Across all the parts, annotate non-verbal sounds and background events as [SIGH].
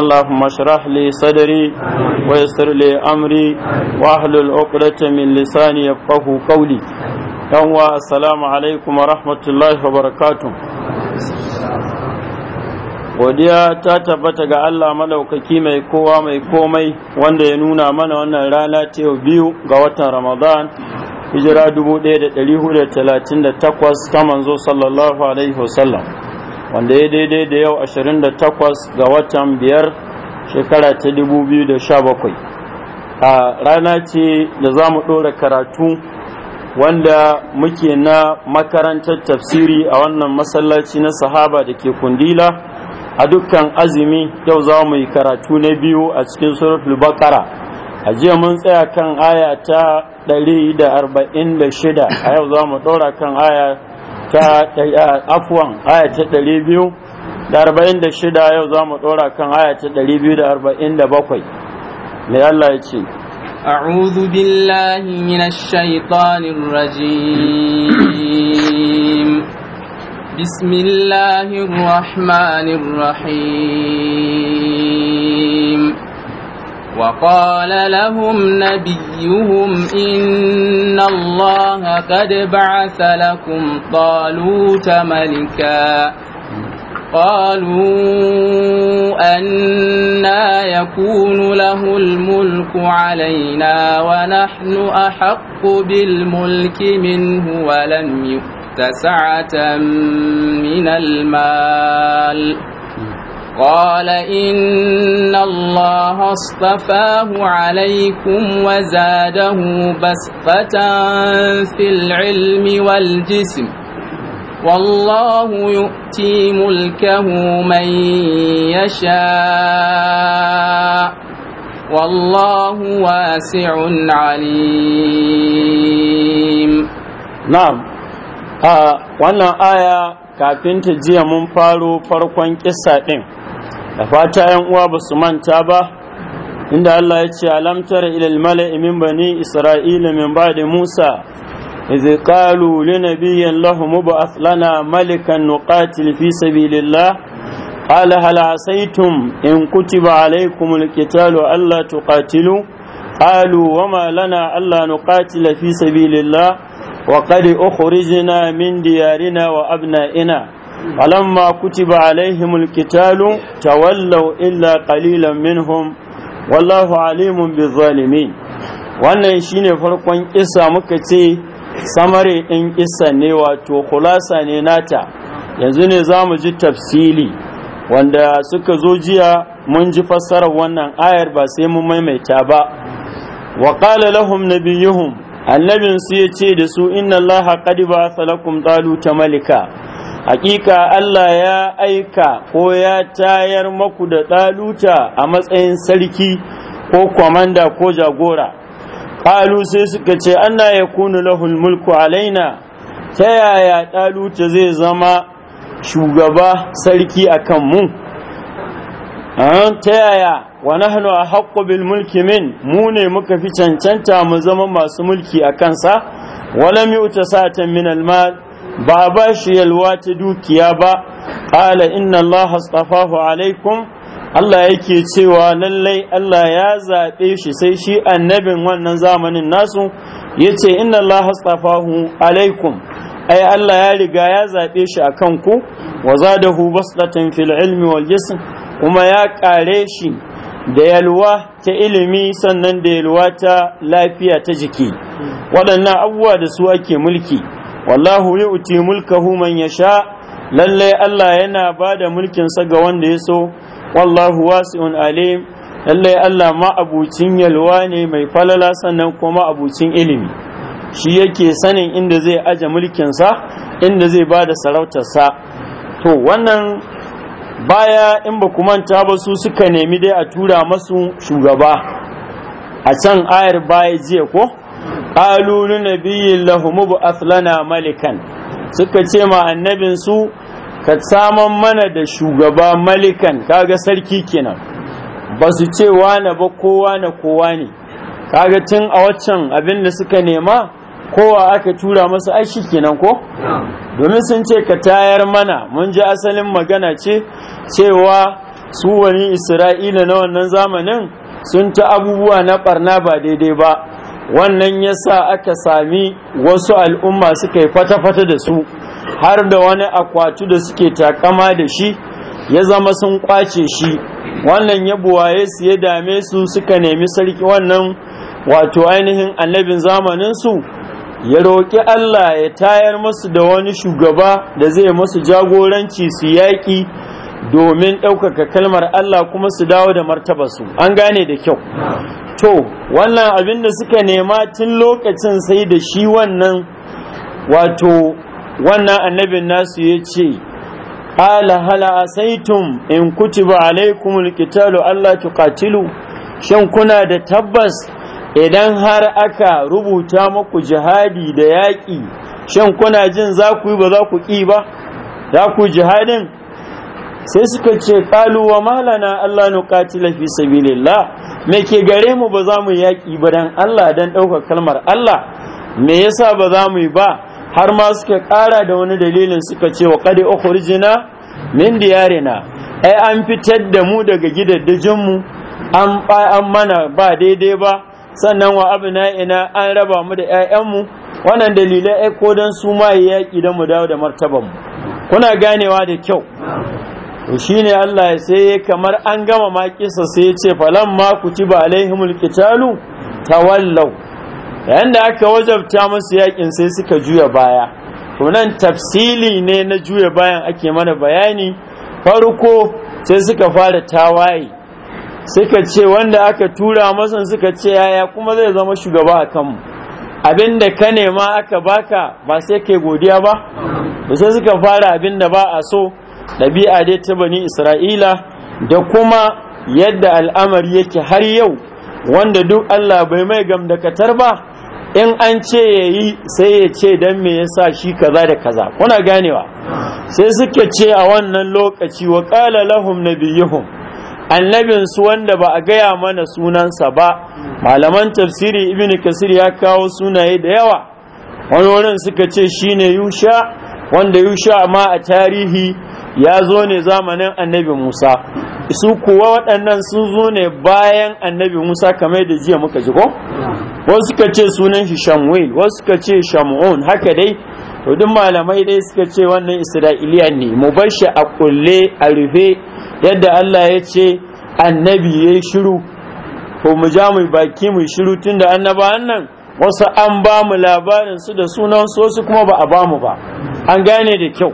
اللهم اشرح لي صدري ويسر لي امري واحلل عقدة من لساني يفقه قولي يوم السلام عليكم ورحمة الله وبركاته godiya ta tabbata ga Allah malaukaki mai kowa mai komai wanda ya nuna mana wannan rana ta yau biyu ga watan Ramadan hijira 1438 ta manzo sallallahu alaihi wasallam wanda ya daidai da yau 28 ga watan biyar shekara ta 2017 a rana ce da za mu ɗora karatu wanda muke na makarantar tafsiri a wannan masallaci na sahaba da ke kundila a dukkan azumi yau za mu yi karatu na biyu a cikin suratul bakara a jiya mun tsaya kan aya ta 146 a yau za mu ɗora kan aya Ka ɗaya afwan hayata da arba'in shida yau za mu ɗora kan hayata ɗari biyu da arba'in da Allah ya ce. Abudu billahi na shaitanir rajim, bisimillahir وقال لهم نبيهم إن الله قد بعث لكم طالوت ملكا قالوا أنا يكون له الملك علينا ونحن أحق بالملك منه ولم يؤت سعة من المال قال إن الله اصطفاه عليكم وزاده بسطة في العلم والجسم والله يؤتي ملكه من يشاء والله واسع عليم نعم آه وانا آية كافين تجي من فارو فارو كوان كسا da fata yan uwa ba su manta ba inda Allah ya ce alam ilal mala'i min bani isra'ila min ba'di Musa idh qalu li nabiyyin lahum ba'ath lana malikan nuqatil fi sabilillah قال هل عسيتم إن كتب عليكم القتال ألا تقاتلوا قالوا وما لنا ألا نقاتل في سبيل الله وقد أخرجنا من ديارنا وأبنائنا فلما كتب عليهم القتال تولوا إلا قليلا منهم والله عليم بالظالمين wannan shine farkon kissa muka ce samare ɗin kissa ne wato khulasa ne nata yanzu ne za mu ji tafsili wanda suka zo jiya mun ji fassarar wannan ayar ba sai mun maimaita ba wa qala lahum nabiyuhum annabin su yace da su inna allaha qad ba'atha lakum taluta malika hakika Allah ya aika ko ya tayar maku da ɗaluta a matsayin sarki ko kwamanda ko jagora ƙalu sai suka ce ana ya kunu lahul mulku alaina ta yaya ɗaluta zai zama shugaba sarki a kanmu ta yaya wa nahnu a haƙƙo bil mulki min mu ne muka fi cancanta mu zama masu mulki a kansa Wani yi satan min almal ba ba shi yalwa ta dukiya ba ƙala inna Allah astafahu alaikum Allah yake cewa lallai Allah ya zaɓe shi sai shi annabin wannan zamanin nasu ya ce inna Allah astafahu alaikum ai Allah ya riga ya zaɓe shi a kanku wa hu baslatan fil ilmi wal jism kuma ya ƙare shi da yalwa ta ilimi sannan da yalwa ta lafiya ta jiki waɗannan abubuwa da su ake mulki wallahu yu'ti mulkahu man yasha lalle Allah yana ba da mulkin sa ga wanda ya so wallahu wasi'un alim lalle Allah ma abucin yalwa ne mai falala sannan kuma abucin ilimi shi yake sanin inda zai aje mulkin sa inda zai ba da sarautar sa to wannan baya in ba manta ba su suka nemi dai a tura masu shugaba a can ayar baya jiya ko qalu li nabiyyin lahum bu'ath lana malikan suka ce ma annabin su ka saman mana da shugaba malikan kaga sarki kenan ba su ce wane ba kowa na kowa ne kaga tun a waccan abin da suka nema kowa aka tura masu ai kenan ko domin sun ce ka tayar mana mun ji asalin magana ce cewa su wani isra'ila na wannan zamanin sun ta abubuwa na barna ba daidai ba wannan yasa aka sami wasu al'umma suka yi fata-fata da su har da wani akwatu da suke takama da shi ya zama sun kwace shi wannan ya buwaye su ya dame su suka nemi sarki wannan wato ainihin annabin zamaninsu ya roƙi Allah ya tayar masu da wani shugaba da zai masu jagoranci su yaƙi domin ɗaukaka kalmar Allah kuma su dawo da su an gane da kyau to wannan abin da suka nema tun lokacin sai da shi wannan wato wannan annabin nasu ya ce ala hala asaitum in kutiba alaikum alqitalu allah tuqatilu shin kuna da tabbas idan har aka rubuta maku jihadi da yaƙi Shan kuna jin za ku yi ba za ku ƙi ba za ku jihadin sai suka ce ƙaluwa wa malana Allah nuqatila fi sabilillah me ke gare mu ba za mu yaƙi ba don Allah don ɗaukar kalmar Allah me yasa ba za mu yi ba har ma suka ƙara da wani dalilin suka ce wa qad ukhrijna min diyarina ai an fitar da mu daga gidaddajin mu an an mana ba daidai ba sannan wa ina, an raba mu da 'ya'yanmu wannan dalilai ai ko dan su ma yaƙi da mu dawo da martaban mu kuna ganewa da kyau to shine Allah ya sai kamar an gama ma kisa sai ya ce falan ma kutiba alaihimul qitalu tawallau yayin da aka wajabta musu yakin sai suka juya baya to nan tafsili ne na juya bayan ake mana bayani farko sai suka fara tawaye suka ce wanda aka tura masa suka ce yaya kuma zai zama shugaba a kanmu abinda da ka nema aka baka ba sai kai godiya ba da sai suka fara abin da ba a so ɗabi'a dai ta bani isra'ila da kuma yadda al'amari yake har yau wanda duk Allah bai mai gamdakatar ba in an ce ya yi sai ya ce don me yasa shi kaza da kaza kuna ganewa sai suka ce a wannan lokaci wa ƙala lahum nabiyuhum annabinsu wanda ba a gaya mana sunansa ba malaman tafsiri ibn kasir ya kawo sunaye da yawa wani wannan suka ce shine yusha wanda yusha ma a tarihi ya zo ne zamanin annabi Musa su kuwa waɗannan sun zo ne bayan annabi Musa kamar da jiya muka ji ko wasu suka ce sunan shi Shamuel wasu suka ce Shamu'un haka dai to duk malamai dai suka ce wannan Isra'iliya ne mu bar shi a kulle a rufe yadda Allah ya ce annabi yayi shiru ko mu ja mu baki mu shiru tunda annabawan nan wasu an ba mu labarin su da sunan su kuma ba a ba mu ba an gane da kyau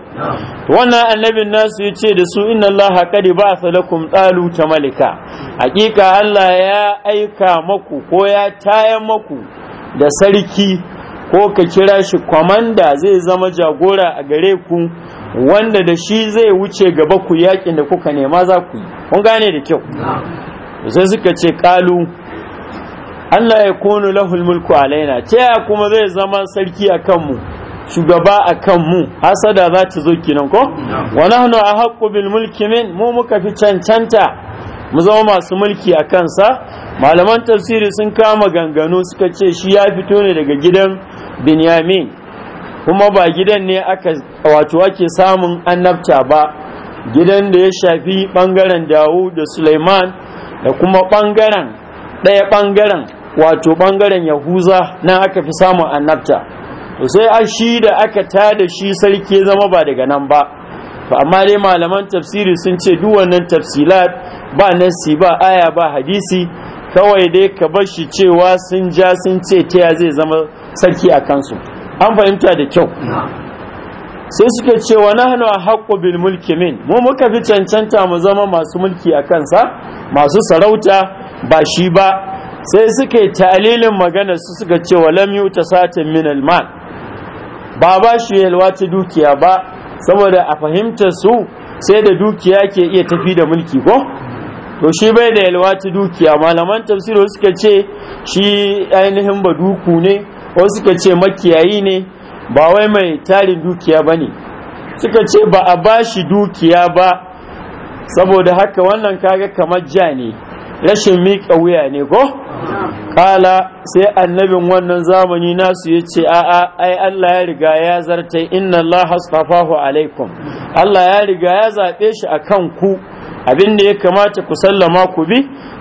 wannan annabin nasu ya ce da su inna Allah ba ba'atha lakum ta malika hakika Allah ya aika maku ko ya taya maku da sarki ko ka kira shi kwamanda zai zama jagora a gare ku wanda da shi zai wuce gaba ku yakin da kuka nema za ku yi kun gane da kyau sai suka ce kalu Allah ya kunu lahul mulku alaina ta kuma zai zama sarki a kanmu shugaba a kan mu hasada za ta zo kinan ko wa nahnu ahaqqu bil mulki min mu muka fi cancanta mu zama masu mulki a kansa malaman tafsiri sun kama ganganu suka ce shi ya fito ne daga gidan binyamin kuma ba gidan ne aka wato ake samun annabta ba gidan da ya shafi bangaren dawu da suleiman da kuma bangaren ɗaya bangaren wato bangaren yahuza na aka fi samun annabta sai an shi da aka ta da shi sarki ya zama ba daga nan ba to amma dai malaman tafsiri sun ce duk wannan tafsilat ba nasi ba aya ba hadisi kawai dai ka bar shi cewa sun ja sun ce ta ya zai zama sarki a kansu an fahimta da kyau sai suke cewa nahnu haqqu bil mulki min mu muka fi cancanta mu zama masu mulki a kansa masu sarauta ba shi ba sai suke ta'alilin magana su suka ce wa lam yuta satin min al ba ba shi yalwa ta dukiya ba saboda a fahimtar su sai da dukiya ke iya tafi da mulki ko to shi bai da yalwa ta dukiya malaman tafsiri suka ce shi ainihin ba duku ne Ko suka ce makiyayi ne ba wai mai tarin dukiya ba ne suka ce ba a ba shi dukiya ba saboda haka wannan kaga kamar ja ne rashin miƙa wuya ne ko kala sai annabin wannan zamani nasu ya ce a'a ai Allah ya riga ya zartai, inna Allah astafahu alaikum Allah ya riga ya zaɓe shi akan ku abin da ya kamata ku sallama ku bi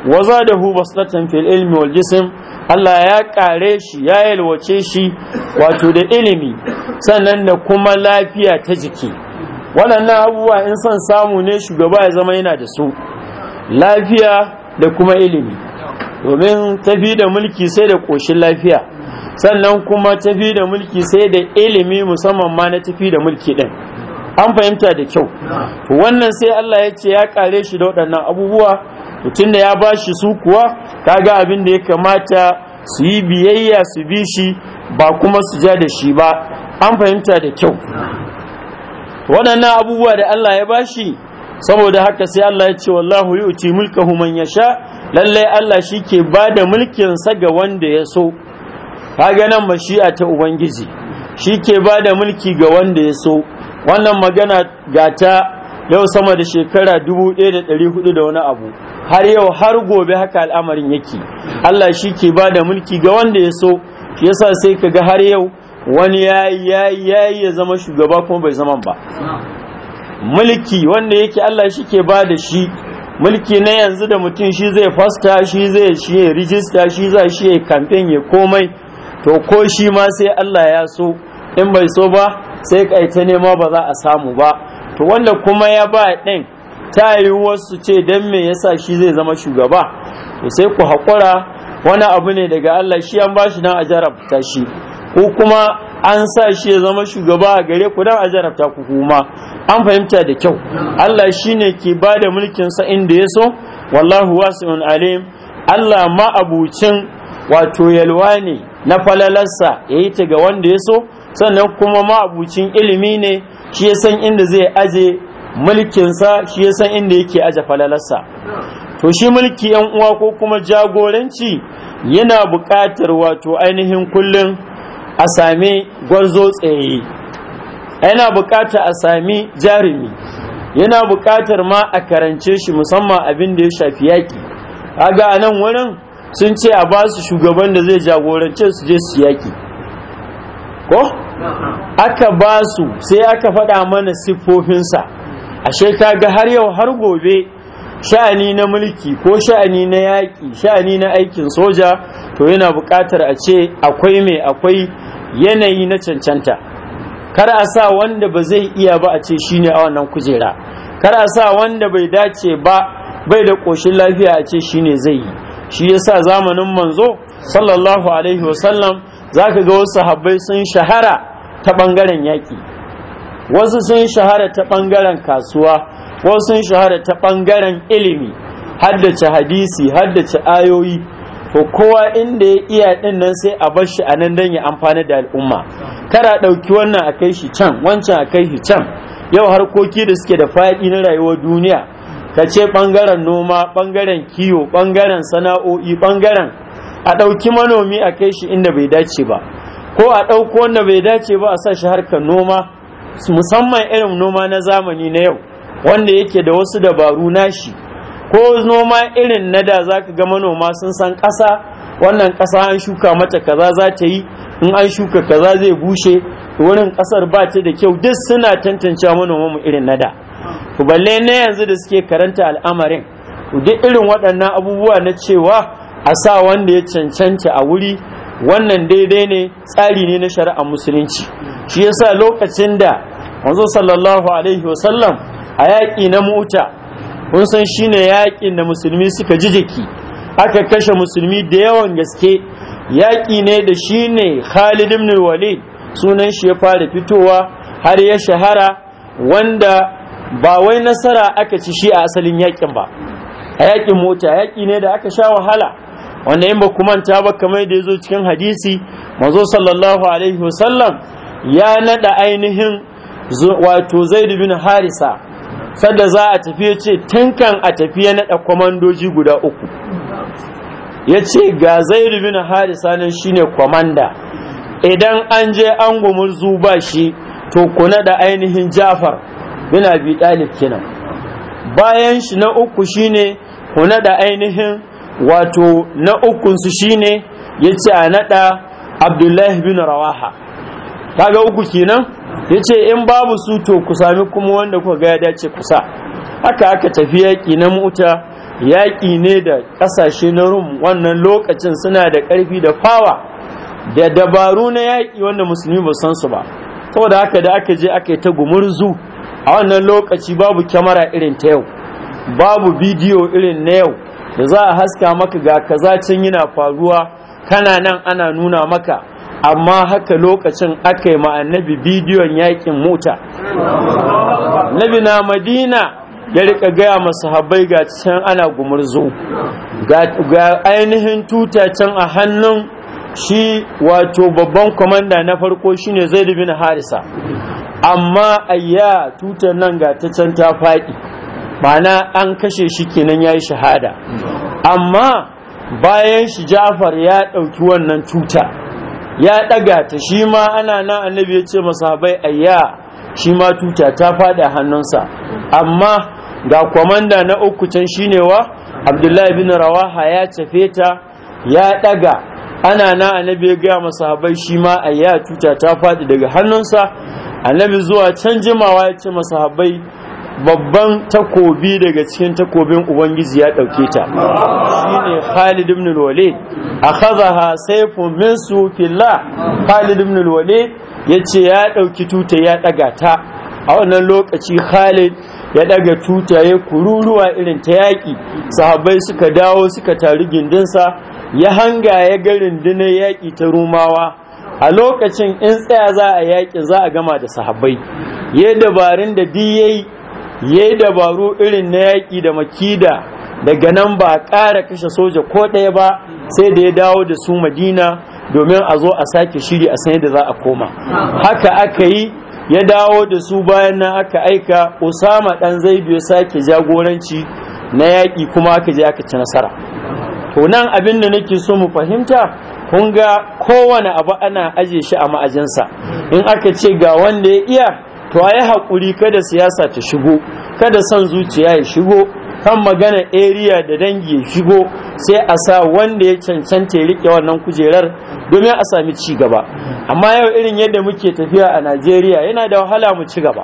wa zadahu baslatan fil ilmi wal jism Allah ya ƙare shi ya yalwace shi wato da ilimi sannan da kuma lafiya ta jiki waɗannan abubuwa in son samu ne shugaba ya zama yana da su lafiya da kuma ilimi domin tafi da mulki sai da ƙoshin lafiya sannan kuma tafi da mulki sai da ilimi musamman ma na tafi da mulki ɗin an fahimta da kyau wannan sai Allah ya ce ya kare shi da waɗannan abubuwa mutum da ya ba shi su kuwa ta ga abin da ya kamata su yi biyayya su bi shi ba kuma su ja da shi ba an fahimta da kyau waɗannan abubuwa da Allah ya ba shi saboda haka sai Allah ya ce wallahu yu'ti mulkahu man yasha lalle Allah shike bada mulkin sa ga wanda ya so kaga nan mashi'a ta ubangiji shike bada mulki ga wanda ya so wannan magana gata yau sama da shekara 1400 da ɗari da wani abu har yau har gobe haka al'amarin yake Allah shi shike bada mulki ga wanda ya so yasa sai ka ga har yau wani yayi yayi ya zama shugaba kuma bai zama ba mulki wanda yake Allah shi ke ba da shi mulki na yanzu da mutum shi zai fasta shi zai shi ya rijista shi za shi ya kamfen ya komai to ko shi ma sai Allah ya so in bai so ba sai kaita nema ba za a samu ba to wanda kuma ya ba ɗin ta yi wasu ce don me yasa shi zai zama shugaba to sai ku haƙura wani abu ne daga Allah shi an bashi nan a jarabta shi ko kuma an sa shi ya zama shugaba a gare ku dan a ta ku kuma an fahimta da kyau Allah shine ke bada mulkin sa inda ya so wallahu wasi'un alim Allah ma abucin wato yalwa ne na falalarsa yayi ta ga wanda ya so sannan kuma ma abucin ilimi ne shi ya san inda zai aje mulkin sa shi ya san inda yake aje falalarsa to shi mulki yan uwa ko kuma jagoranci yana buƙatar wato ainihin kullum a sami gwarzo tsaye yana bukata a sami jarumi yana bukatar ma a karance shi musamman abin da ya shafi yaki aga a nan wurin sun ce a ba su shugaban da zai jagorance su je su yaki ko aka ba su sai aka faɗa mana siffofinsa ashe ta ga har yau har gobe sha'ani na mulki ko sha'ani na yaƙi sha'ani na aikin soja to yana buƙatar a ce akwai mai akwai yanayi na cancanta kar a sa wanda ba zai iya ba a ce shine a wannan kujera kar a sa wanda bai dace ba bai da ƙoshin lafiya a ce shine zai yi shi yasa zamanin manzo sallallahu alaihi wasallam zaka ga wasu habbai sun shahara ta bangaren yaƙi wasu sun shahara ta bangaren kasuwa wasu sun shahara ta bangaren ilimi haddace hadisi haddace ayoyi ko kowa inda ya iya din nan sai a bar shi a nan dan ya amfani da al'umma kada ɗauki wannan a kai shi can wancan a kai shi can yau harkoki da suke da faɗi na rayuwar duniya ka ce ɓangaren noma ɓangaren kiwo ɓangaren sana'o'i ɓangaren a ɗauki manomi a kai shi inda bai dace ba ko a ɗauko wanda bai dace ba a sa shi harkar noma musamman irin noma na zamani na yau wanda yake da wasu dabaru nashi ko noma irin na da za ka ga manoma sun san ƙasa wannan ƙasa an shuka mata kaza za ta yi in an shuka kaza zai bushe wurin ƙasar ba ta da kyau duk suna tantance manoma mu irin na da balle na yanzu da suke karanta al'amarin duk irin waɗannan abubuwa na cewa a sa wanda ya cancanta a wuri wannan daidai ne tsari ne na shari'a musulunci shi yasa lokacin da manzo sallallahu alaihi wasallam a yaƙi na mota kun san shine yaƙin da musulmi suka ji jiki aka kashe musulmi da yawan gaske yaƙi ne da shine Khalid ibn Walid sunan shi ya fara fitowa har ya shahara wanda ba wai nasara aka ci shi a asalin yaƙin ba a yaƙin mota yaƙi ne da aka sha wahala wanda in ba ta ba kamar da ya zo cikin hadisi mazo sallallahu alaihi wasallam ya naɗa ainihin wato zaid bin harisa sadda za a tafi ya ce tankan a tafi ya naɗa kwamandoji guda uku ya ce ga zairu bin harisa nan shine kwamanda idan an je an gumur ba shi to ku da ainihin jafar bin abi ɗalib kenan bayan shi na uku shine ku da ainihin wato na ukunsu shine ya ce a naɗa abdullahi bin rawaha ga uku kenan ya ce in babu su to ku sami kuma wanda kuka ga ya dace kusa haka aka tafi yaƙi na muta yaƙi ne da ƙasashe na rum wannan lokacin suna da ƙarfi da fawa da dabaru na yaƙi wanda musulmi ba san su ba saboda haka da aka je aka yi ta gumurzu a wannan lokaci babu kyamara irin ta yau babu bidiyo irin na yau da za a haska maka ga kaza can yana faruwa kana nan ana nuna maka amma haka lokacin aka yi annabi bidiyon yakin mota nabi na madina ya rika gaya masu habai ga can ana gumurzo ga ainihin tuta can a hannun shi wato babban kwamanda na farko shine zai bin harisa amma ayya tutar nan ga ta can ta faɗi mana an kashe shi kenan ya yi shahada amma bayan shi jafar ya ɗauki wannan tuta ya ɗaga ta shi ma ana nan annabi ya ce masahabai ayya shi ma tuta ta faɗi hannunsa amma ga kwamanda na uku can shine wa abdullahi bin rawaha ya cafe ta ya ɗaga ana nan annabi ya gaya masahabai shi ma ayya tuta ta faɗi daga hannunsa annabi zuwa can jimawa ya ce masahabai babban takobi daga cikin takobin ubangiji ya ɗauke ta shine Khalid ibn al-Walid akhadha sayfu min sufillah Khalid ibn al-Walid yace ya ɗauki tuta ya ɗaga ta a wannan lokaci Khalid ya daga ya kururuwa irin ta yaki. sahabbai suka dawo suka taru gindinsa ya hanga ya ga rundunar yaki ta rumawa a lokacin in tsaya za a yaƙi za a gama da sahabbai ya dabarun da duk yayi ya yi dabaru irin na yaƙi da makida daga nan ba a ƙara kashe soja ko ɗaya ba sai da ya dawo da su madina domin a zo a sake shiri a san yadda za a koma haka aka yi ya dawo da su bayan na aka aika usama ɗan zai ya sake jagoranci na yaƙi kuma aka je aka ci nasara to nan abin da nake so mu fahimta kun ga kowane abu ana aje shi a ma'ajinsa in aka ce ga wanda ya iya to a yi haƙuri kada siyasa ta shigo kada son zuciya ya shigo kan magana area da dangi ya shigo sai a sa wanda ya cancanta ya rike wannan kujerar domin a sami ci gaba amma yau irin yadda muke tafiya a najeriya yana da wahala mu ci gaba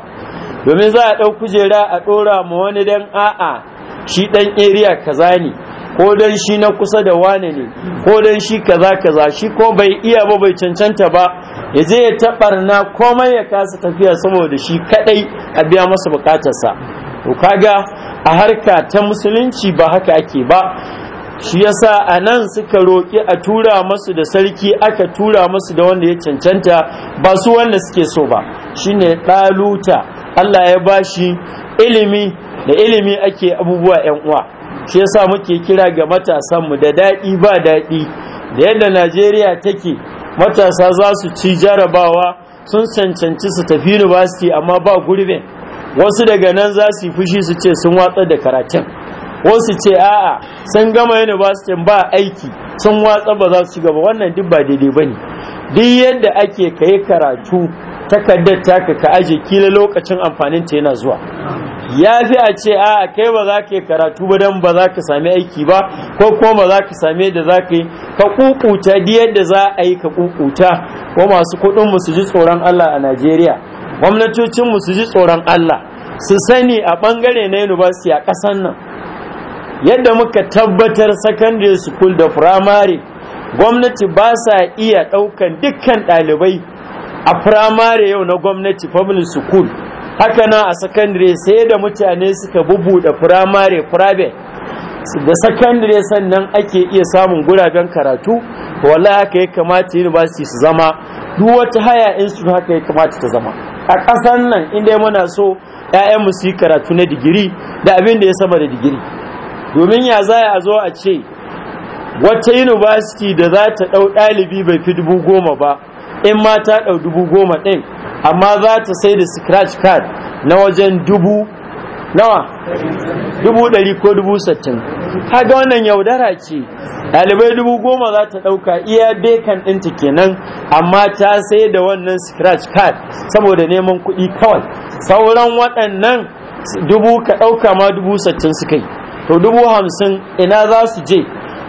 domin za a ɗau kujera a ɗora ma wani dan a'a shi dan area kaza ne ko dan shi na kusa da wane ne ko dan shi kaza kaza shi ko bai iya ba bai cancanta ba ya je ya taɓarna komai ya kasa tafiya saboda shi kadai a biya masa bukatarsa to kaga a harka ta musulunci ba haka ake ba shi yasa a nan suka roƙi a tura masu da sarki aka tura masu da wanda ya cancanta ba su wanda suke so ba shine ɗaluta Allah ya bashi ilimi da ilimi ake abubuwa 'yan uwa shi yasa muke kira ga matasanmu da daɗi ba daɗi da yadda najeriya take matasa za su ci jarabawa sun cancanci su tafi university amma ba gurbin wasu daga nan za su yi fushi su ce sun watsar da karatun wasu ce a'a sun gama university ba aiki sun watsa ba za su ci gaba wannan duk ba daidai ba ne duk yadda ake kai karatu takardar taka ka aje kila lokacin amfanin ta yana zuwa ya fi a ce a kai ba za ka yi karatu ba don ba za ka sami aiki ba ko ko ba za ka sami da za ka yi ka kukuta da yadda za a yi ka kukuta ko masu kuɗin mu su ji tsoron Allah a Najeriya gwamnatocin mu su ji tsoron Allah su sani a bangare na university a ƙasan nan yadda muka tabbatar secondary school da primary gwamnati ba sa iya ɗaukan dukkan ɗalibai a firamare yau na gwamnati public school haka nan a secondary, sai da mutane suka bubuɗe firamare private da secondary sannan ake iya samun guraben karatu wala haka ya kamata university su zama duk wata haya institute haka ya kamata ta zama a ƙasan nan inda muna so 'ya'yan su yi karatu na digiri da abin da ya sama da digiri domin ya za a zo a ce wata university da za ta ɗau ɗalibi bai fi dubu goma ba in ma ta ɗau dubu goma ɗin amma za ta sai da scratch card na wajen dubu nawa dubu ɗari ko dubu sittin kaga wannan yaudara ce ɗalibai dubu goma za ta ɗauka iya bekan ɗinta kenan amma ta sai da wannan scratch card saboda neman kuɗi kawai sauran waɗannan dubu ka ɗauka ma dubu sittin suka yi to dubu hamsin ina za su je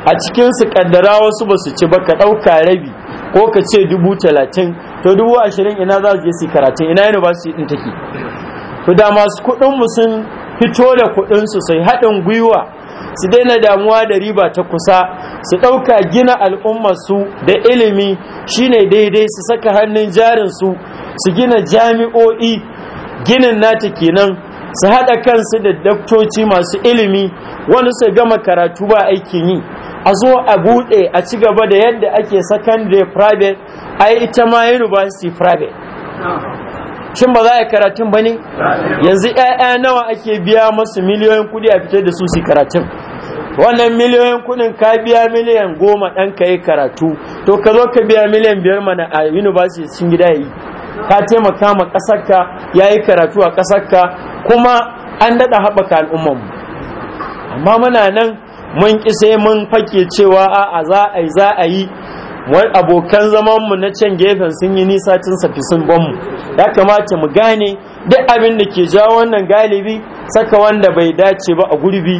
a cikin su kaddara wasu ba su ci ba ka ɗauka rabi ko ka ce dubu talatin to dubu ashirin ina za su je su karatun ina yana ba su yi take to da masu kuɗin sun fito da kuɗin sai haɗin gwiwa su daina damuwa da riba ta kusa su ɗauka gina al'ummarsu da ilimi shine daidai su saka hannun jarinsu, su su gina jami'o'i ginin nata kenan su haɗa kansu da daktoci masu ilimi wani su gama karatu ba aikin yi a zo a buɗe a ci gaba da yadda ake secondary private yi ita ma university private shin ba za a karatun ba ne yanzu 'ya'ya nawa ake biya masu miliyoyin kudi a fitar da su su karatun wannan miliyoyin kudin ka biya miliyan goma ɗan ka yi karatu to ka zo ka biya miliyan biyar mana a university sun gida yi ka taimaka ma ƙasarka ya yi karatu a ƙasarka kuma an daɗa haɓaka al'ummanmu amma muna nan mun ƙi sai mun fake cewa a'a za a yi za a yi wai abokan zamanmu na can gefen sun yi nisa tun safi sun banmu ya kamata mu gane duk abin da ke jawo wannan galibi saka wanda bai dace ba a gurbi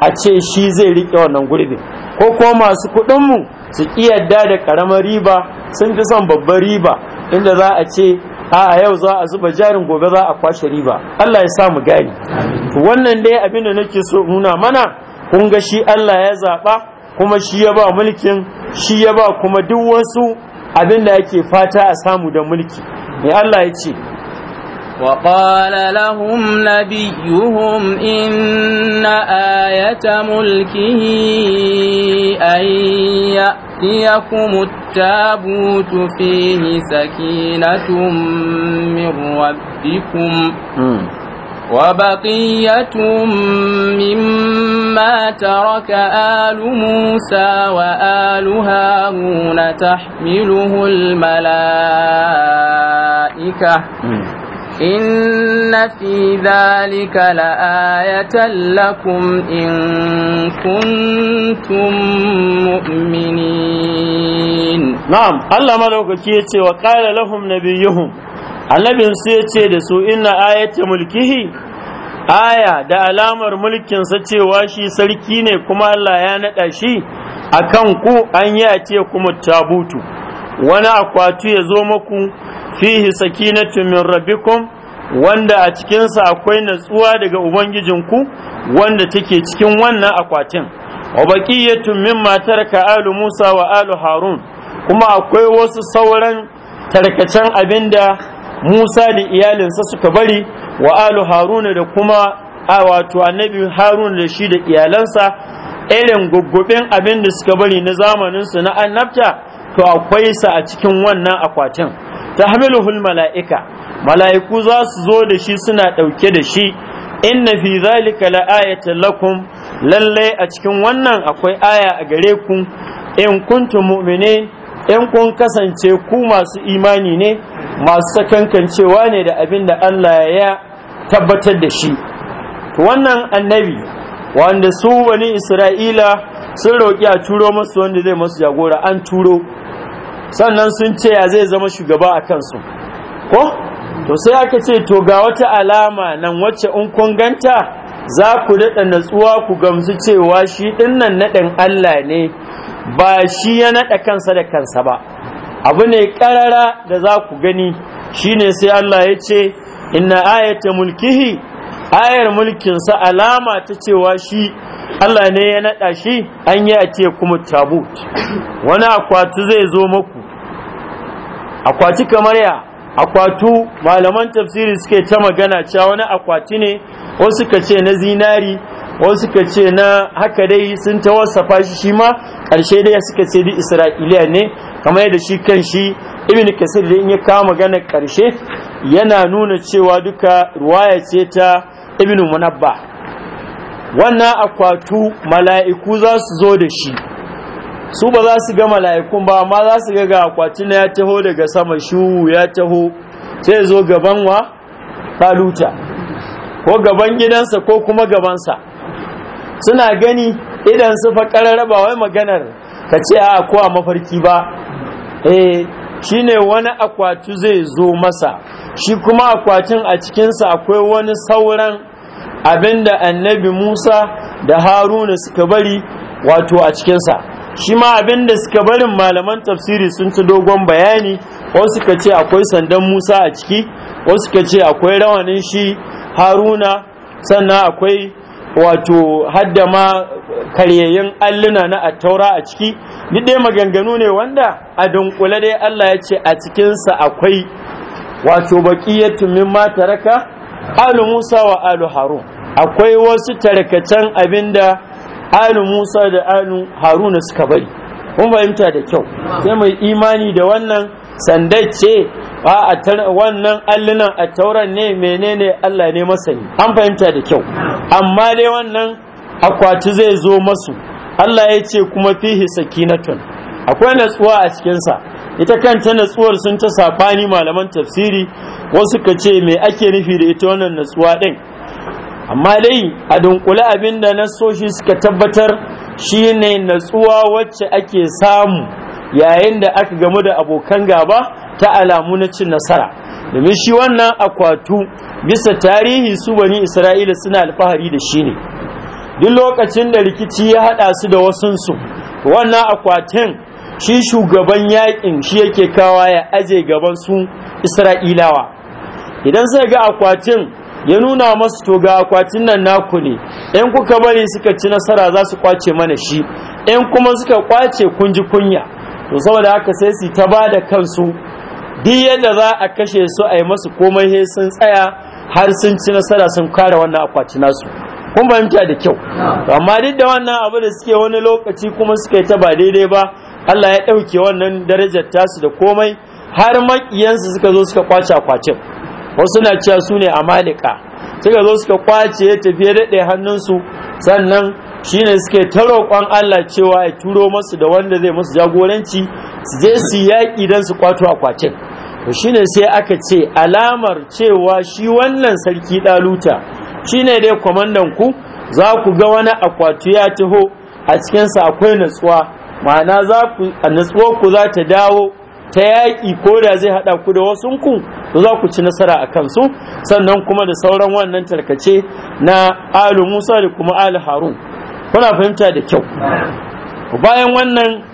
a ce shi zai riƙe wannan gurbi. ko kuma masu kuɗinmu su ƙi yadda da ƙaramar riba sun fi son babbar riba inda za a ce a yau za a zuba jarin gobe za a kwashe riba Allah ya sa mu gani wannan dai abin da nake so nuna mana kun ga shi Allah ya zaɓa kuma shi ya ba mulkin shi ya ba kuma duk wasu abin da yake fata a samu da mulki mai Allah ya ce وقال لهم نبيهم إن آية ملكه أن يأتيكم التابوت فيه سكينة من ربكم وبقية مما ترك آل موسى وآل هارون تحمله الملائكة إن في ذلك لآية لكم إن كنتم مؤمنين نعم الله ملوك كيتي وقال لهم نبيهم annabin sai ya ce da su inna ayati mulkihi aya da alamar mulkinsa cewa shi sarki ne kuma Allah ya naɗa shi akan ku an yi a ce kuma tabutu wani akwatu ya zo maku fihi sakinatu min rabbikum wanda a cikinsa akwai natsuwa daga ubangijinku wanda take cikin wannan akwatin wa baqiyatu mimma taraka alu Musa wa alu Harun kuma akwai wasu sauran tarkacen abinda Musa da iyalinsa suka bari wa alu Haruna da kuma a wato annabi Haruna da shi da iyalansa irin gugguɓin abin da suka bari na zamaninsu na annabta to akwai sa a cikin wannan akwatin Ta hamiluhul mala'ika mala'iku za su zo da shi suna ɗauke da shi In na fi zalika la’ayata lakum lallai a cikin wannan akwai aya a gare ku in kuntu mu'minin in kun kasance ku masu imani ne masu sakankancewa ne da abin da Allah ya tabbatar da shi wannan annabi wanda su bani isra'ila sun roƙi a turo masu wanda zai masu jagora an turo sannan sun ce ya zai zama shugaba a kansu ko to sai aka ce to ga wata alama nan wacce in kun ganta za ku daɗa natsuwa ku gamsu cewa shi ɗinnan naɗin Allah ne ba shi ya naɗa kansa da kansa ba abu ne karara da za ku gani shine sai Allah ya ce inna ayata mulkihi ayar mulkinsa alama ta cewa shi Allah ne ya naɗa shi an yi a ce kuma tabut wani akwati zai zo maku akwati kamar ya akwatu malaman tafsiri suke ta magana cewa wani akwati ne wasu ka ce na zinari wasu ka ce na haka dai sun ta wasa shi shi ma ƙarshe dai suka ce di isra'iliya ne kamar yadda shi kan shi ibn kasir da in ya kama magana karshe yana nuna cewa duka ruwaya ce ta ibn munabba wannan akwatu mala'iku za su zo da shi su ba za su ga mala'ikun ba amma za su ga ga na ya taho daga sama shu ya taho sai zo gaban wa faluta ko gaban gidansa ko kuma gabansa suna gani idan su fa kararraba wai maganar ka ce a ko a mafarki ba eh shine wani akwatu zai zo masa shi kuma akwatin a cikinsa akwai wani sauran abinda annabi Musa da Haruna suka bari wato a cikinsa shi ma abinda suka barin malaman tafsiri sun ci dogon bayani wasu suka ce akwai sandan Musa a ciki wasu suka ce akwai rawanin shi Haruna sannan akwai wato hadda ma karyayyen alluna na attaura a ciki ni dai maganganu ne wanda a dunkule dai Allah ya ce a cikinsa akwai wato baqiyatun ma taraka alu Musa wa alu Harun akwai wasu tarkacen abinda alu Musa da alu Haruna suka bari mun fahimta da kyau sai mai imani da wannan sandai ce a wannan allunan a tauran ne menene Allah ne masani an fahimta da kyau amma dai wannan akwati zai zo masu Allah ya ce kuma fihi sakinatun akwai natsuwa a cikinsa ita kanta natsuwar sun ta sabani malaman tafsiri wasu ka ce me ake nufi da ita wannan natsuwa din amma dai a dunkule abin da nasoshi suka tabbatar shine natsuwa wacce ake samu yayin da aka gamu da abokan gaba ta alamu na cin nasara domin shi wannan akwatu bisa tarihi su bani isra'ila suna alfahari da shi ne duk lokacin da rikici ya haɗa su da wasunsu wannan akwatin shi shugaban yaƙin shi yake kawa ya aje gaban su isra'ilawa idan sai ga akwatin ya nuna masu to ga akwatin nan naku ne in kuka bari suka ci nasara za su kwace mana shi in kuma suka kwace kun kunya to saboda haka sai su ta bada kansu duk yadda za a kashe su a yi masu komai he sun tsaya har sun ci nasara sun kare wannan akwati nasu kun fahimta da kyau amma duk da wannan abu da suke wani lokaci kuma suka yi ta ba daidai ba Allah ya ɗauke wannan darajar tasu da komai har makiyansu suka zo suka kwace akwatin wasu na cewa su ne amalika suka zo suka kwace ya tafiye daɗe hannunsu sannan shine suke ta roƙon Allah cewa ya turo masu da wanda zai musu jagoranci su je su yaƙi don su kwato akwatin to shine sai aka ce alamar cewa shi wannan sarki ɗaluta shine dai kwamandan ku za ku ga wani akwati ya taho a cikinsa akwai natsuwa ma'ana za ku natsuwar ku za ta dawo ta yaƙi ko da zai haɗa ku da wasu ku za ku ci nasara a kansu sannan kuma da sauran wannan tarkace na alu musa da kuma alu harun kuna fahimta da kyau bayan wannan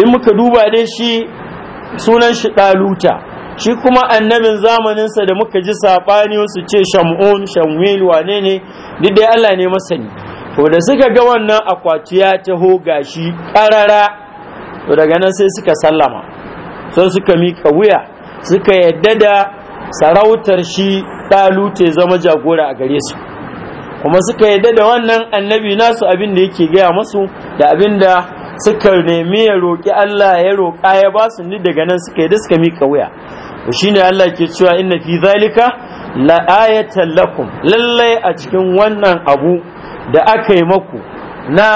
in muka duba dai shi sunan shi ɗaluta shi kuma annabin zamaninsa da muka ji saɓani su ce shamun shamwil wane ne duk dai Allah ne masani to da suka ga wannan akwatiya ya taho gashi ƙarara to daga nan sai suka sallama sai suka mika wuya suka yadda da sarautar shi ɗalute zama jagora a gare su kuma suka yadda da wannan annabi nasu abin da yake gaya masu da abin da suka nemi ya roƙi Allah ya roƙa ya ba su ni daga nan suka yadda suka mika wuya shine Allah ke cewa inna fi zalika la ayatan lakum lallai a cikin wannan abu da aka yi maku na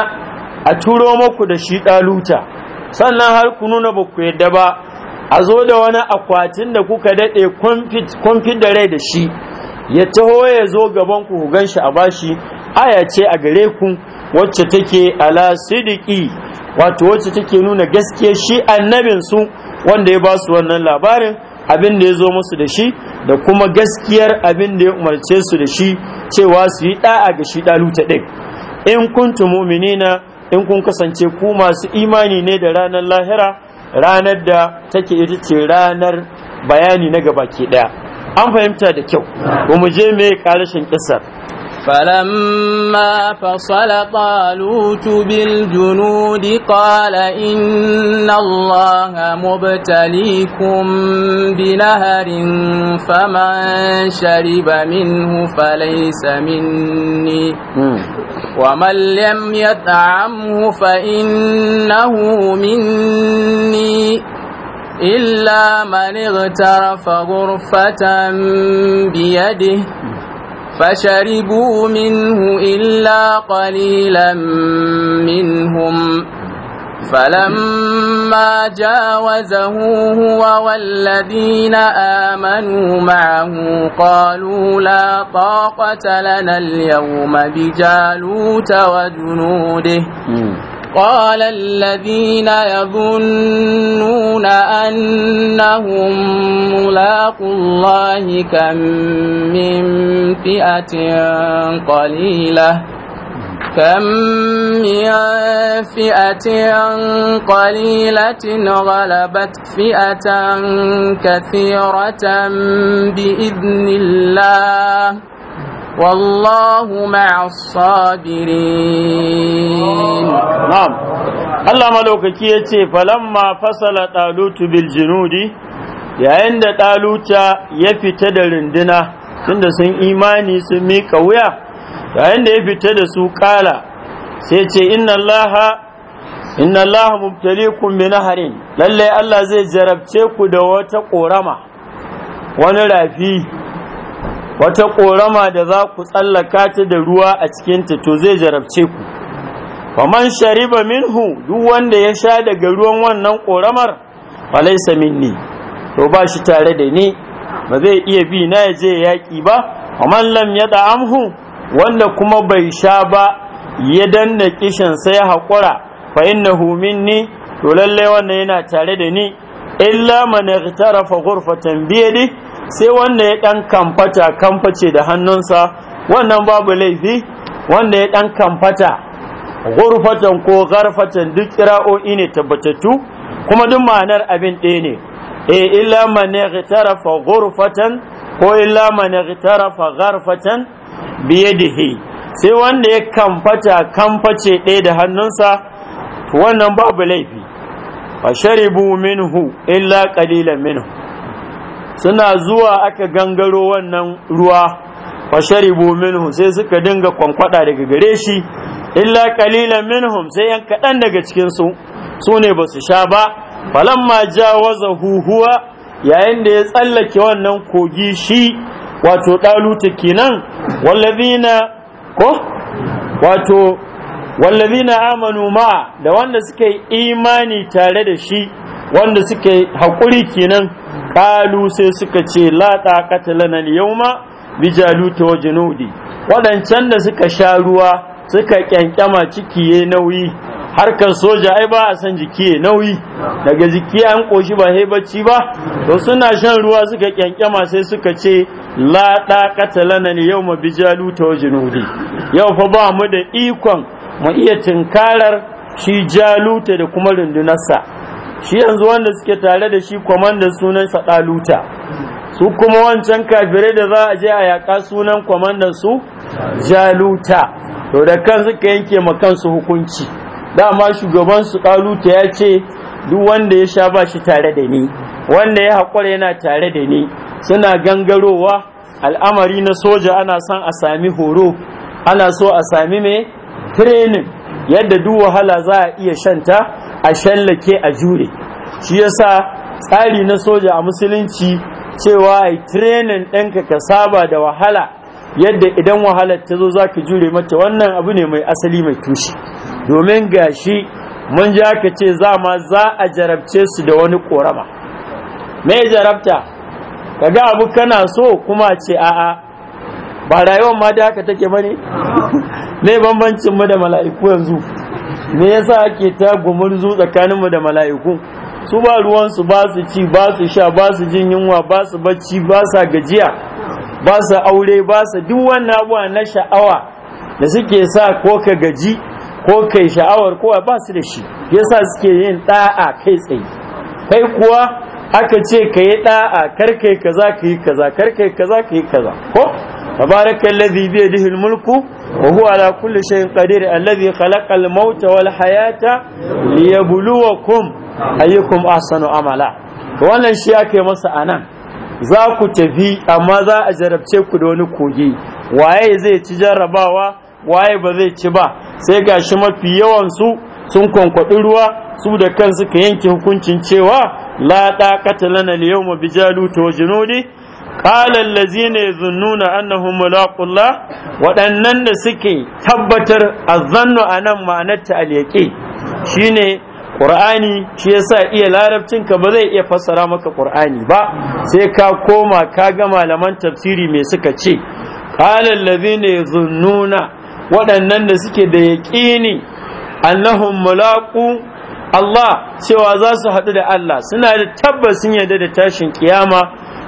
a turo maku da shi ɗaluta sannan har ku nuna ba ku yadda ba a zo da wani akwatin da kuka daɗe kumfit da rai da shi ya taho ya zo gaban ku gan shi a bashi aya ce a gare ku wacce take ala sidiki wato wacce take nuna gaskiya shi annabin su wanda ya ba su wannan labarin abin da ya zo musu da shi da kuma gaskiyar abin da ya umarce su da shi cewa su yi da'a ga shi ɗal'uta ɗin in kuntu muminina in kun kasance ku masu imani ne da ranar lahira ranar da take ita ce ranar bayani na gaba ke ɗaya an fahimta da kyau mu je mai karashin ƙisar. فلما فصل طالوت بالجنود قال إن الله مبتليكم بنهر فمن شرب منه فليس مني ومن لم يطعمه فإنه مني إلا من اغترف غرفة بيده فشربوا منه إلا قليلا منهم فلما جاوزه هو والذين آمنوا معه قالوا لا طاقة لنا اليوم بجالوت وجنوده قال الذين يظنون أنهم ملاق الله كم من فئة قليلة كم من فئة قليلة غلبت فئة كثيرة بإذن الله والله مع الصابرين نعم الله ملوكك يتي فلما فصل طالوت بالجنود yayin da ɗaluta ya fita da runduna tunda sun imani sun mika wuya yayin da ya fita da su ƙala sai ce inna allaha inna allaha mubtalikum bi lalle Allah zai jarabce ku da wata ƙorama wani rafi wata ƙorama da za ku tsallaka ta da ruwa a cikinta to zai jarabce ku man shariba minhu duk wanda ya sha daga ruwan wannan ƙoramar falaisa minni to ba shi tare da ni ba zai iya bi na ya je yaƙi ba man lam ya amhu wanda kuma bai sha ba ya danna kishin sai haƙura fa innahu minni to lallai wannan yana tare da ni illa man ihtarafa ghurfatan bi yadihi sai wanda ya ɗan kamfata kamface da hannunsa wannan babu laifi wanda ya ɗan kamfata gurfatan ko garfatan duk kira'o'i ne tabbatattu kuma duk ma'anar abin ɗaya ne e illa man tarafa gurfatan ko illa man tarafa garfatan biyadihi sai wanda ya kamfata kamface ɗaya da hannunsa wannan babu laifi fa sharibu minhu illa qalilan minhu suna zuwa aka gangaro wannan ruwa wa sharibu minhu sai suka dinga kwankwada daga gare shi illa qalilan minhum sai yan kaɗan daga cikin su su ne ba su sha ba falamma jawazahu huwa yayin da ya tsallake wannan kogi shi wato ɗaluta kenan wallazina ko wato wallazina amanu ma da wanda suka yi imani tare da shi wanda suka yi haƙuri kenan Kalu sai suka ce la taqata lana al-yawma bi jalut wa junudi wadancan da suka sha ruwa suka kyankyama ciki ya nauyi harkar soja ai ba a san jiki ya nauyi daga jiki an koshi ba he bacci ba to suna shan ruwa suka kyankyama sai suka ce la taqata lana al-yawma bi jalut wa junudi yau fa ba mu da ikon mu iya tinkarar shi jaluta da kuma rundunarsa shi yanzu wanda suke tare da shi kwamandan sunan sa su kuma wancan kafirai da za a je a yaƙa sunan kwamandan su jaluta to da kan suka yanke ma kansu hukunci dama shugaban su ɗaluta ya ce duk wanda ya sha ba shi tare da ni wanda ya haƙura yana tare da ni suna gangarowa al'amari na soja ana son a sami horo ana so a sami mai training yadda duk wahala za a iya shanta a shallake a jure shi yasa tsari na soja a musulunci cewa ai training ɗanka ka saba da wahala yadda idan wahalar ta zo za jure mata wannan abu ne mai asali mai tushe domin gashi mun ji aka ce za ma za a jarabce su da wani korama me jarabta kaga abu kana so kuma ce a'a ba rayuwar ma da haka take bane ne [LAUGHS] bambancin mu da mala'iku yanzu me yasa ake ta gumurzu tsakaninmu da mala'iku su ba ruwansu ba su ci ba su sha ba su jin yunwa ba su bacci ba sa gajiya ba su aure ba su duk wannan abuwa na sha'awa da suke sa ko ka gaji ko kai sha'awar kowa ba su da shi yasa suke yin da'a kai tsaye kai kuwa aka ce ka yi da'a kar kaza ka yi kaza kar kaza ka yi kaza ko تبارك الذي بيده الملك وهو على كل شيء hayata. الذي خلق الموت والحياة ليبلوكم أيكم أحسن عملا wannan shi ake masa anan. nan za ku tafi amma za a jarabce ku da wani kogi waye zai ci jarrabawa waye ba zai ci ba sai ga shi mafi yawansu sun kwankwaɗi ruwa su da kan suka yanke hukuncin cewa Laɗa ɗaƙata lana liyau ma bijalu ta wa junudi qala allazina yadhunnuna annahum mulaqullah waɗannan da suke tabbatar azzannu anan ma'anarta al shine Qur'ani shi yasa iya larabcin ka ba zai iya fassara maka Qur'ani ba sai ka koma ka ga malaman tafsiri me suka ce qala allazina yadhunnuna waɗannan da suke da yaqini annahum mulaqu Allah cewa za su haɗu da Allah suna da sun yarda da tashin kiyama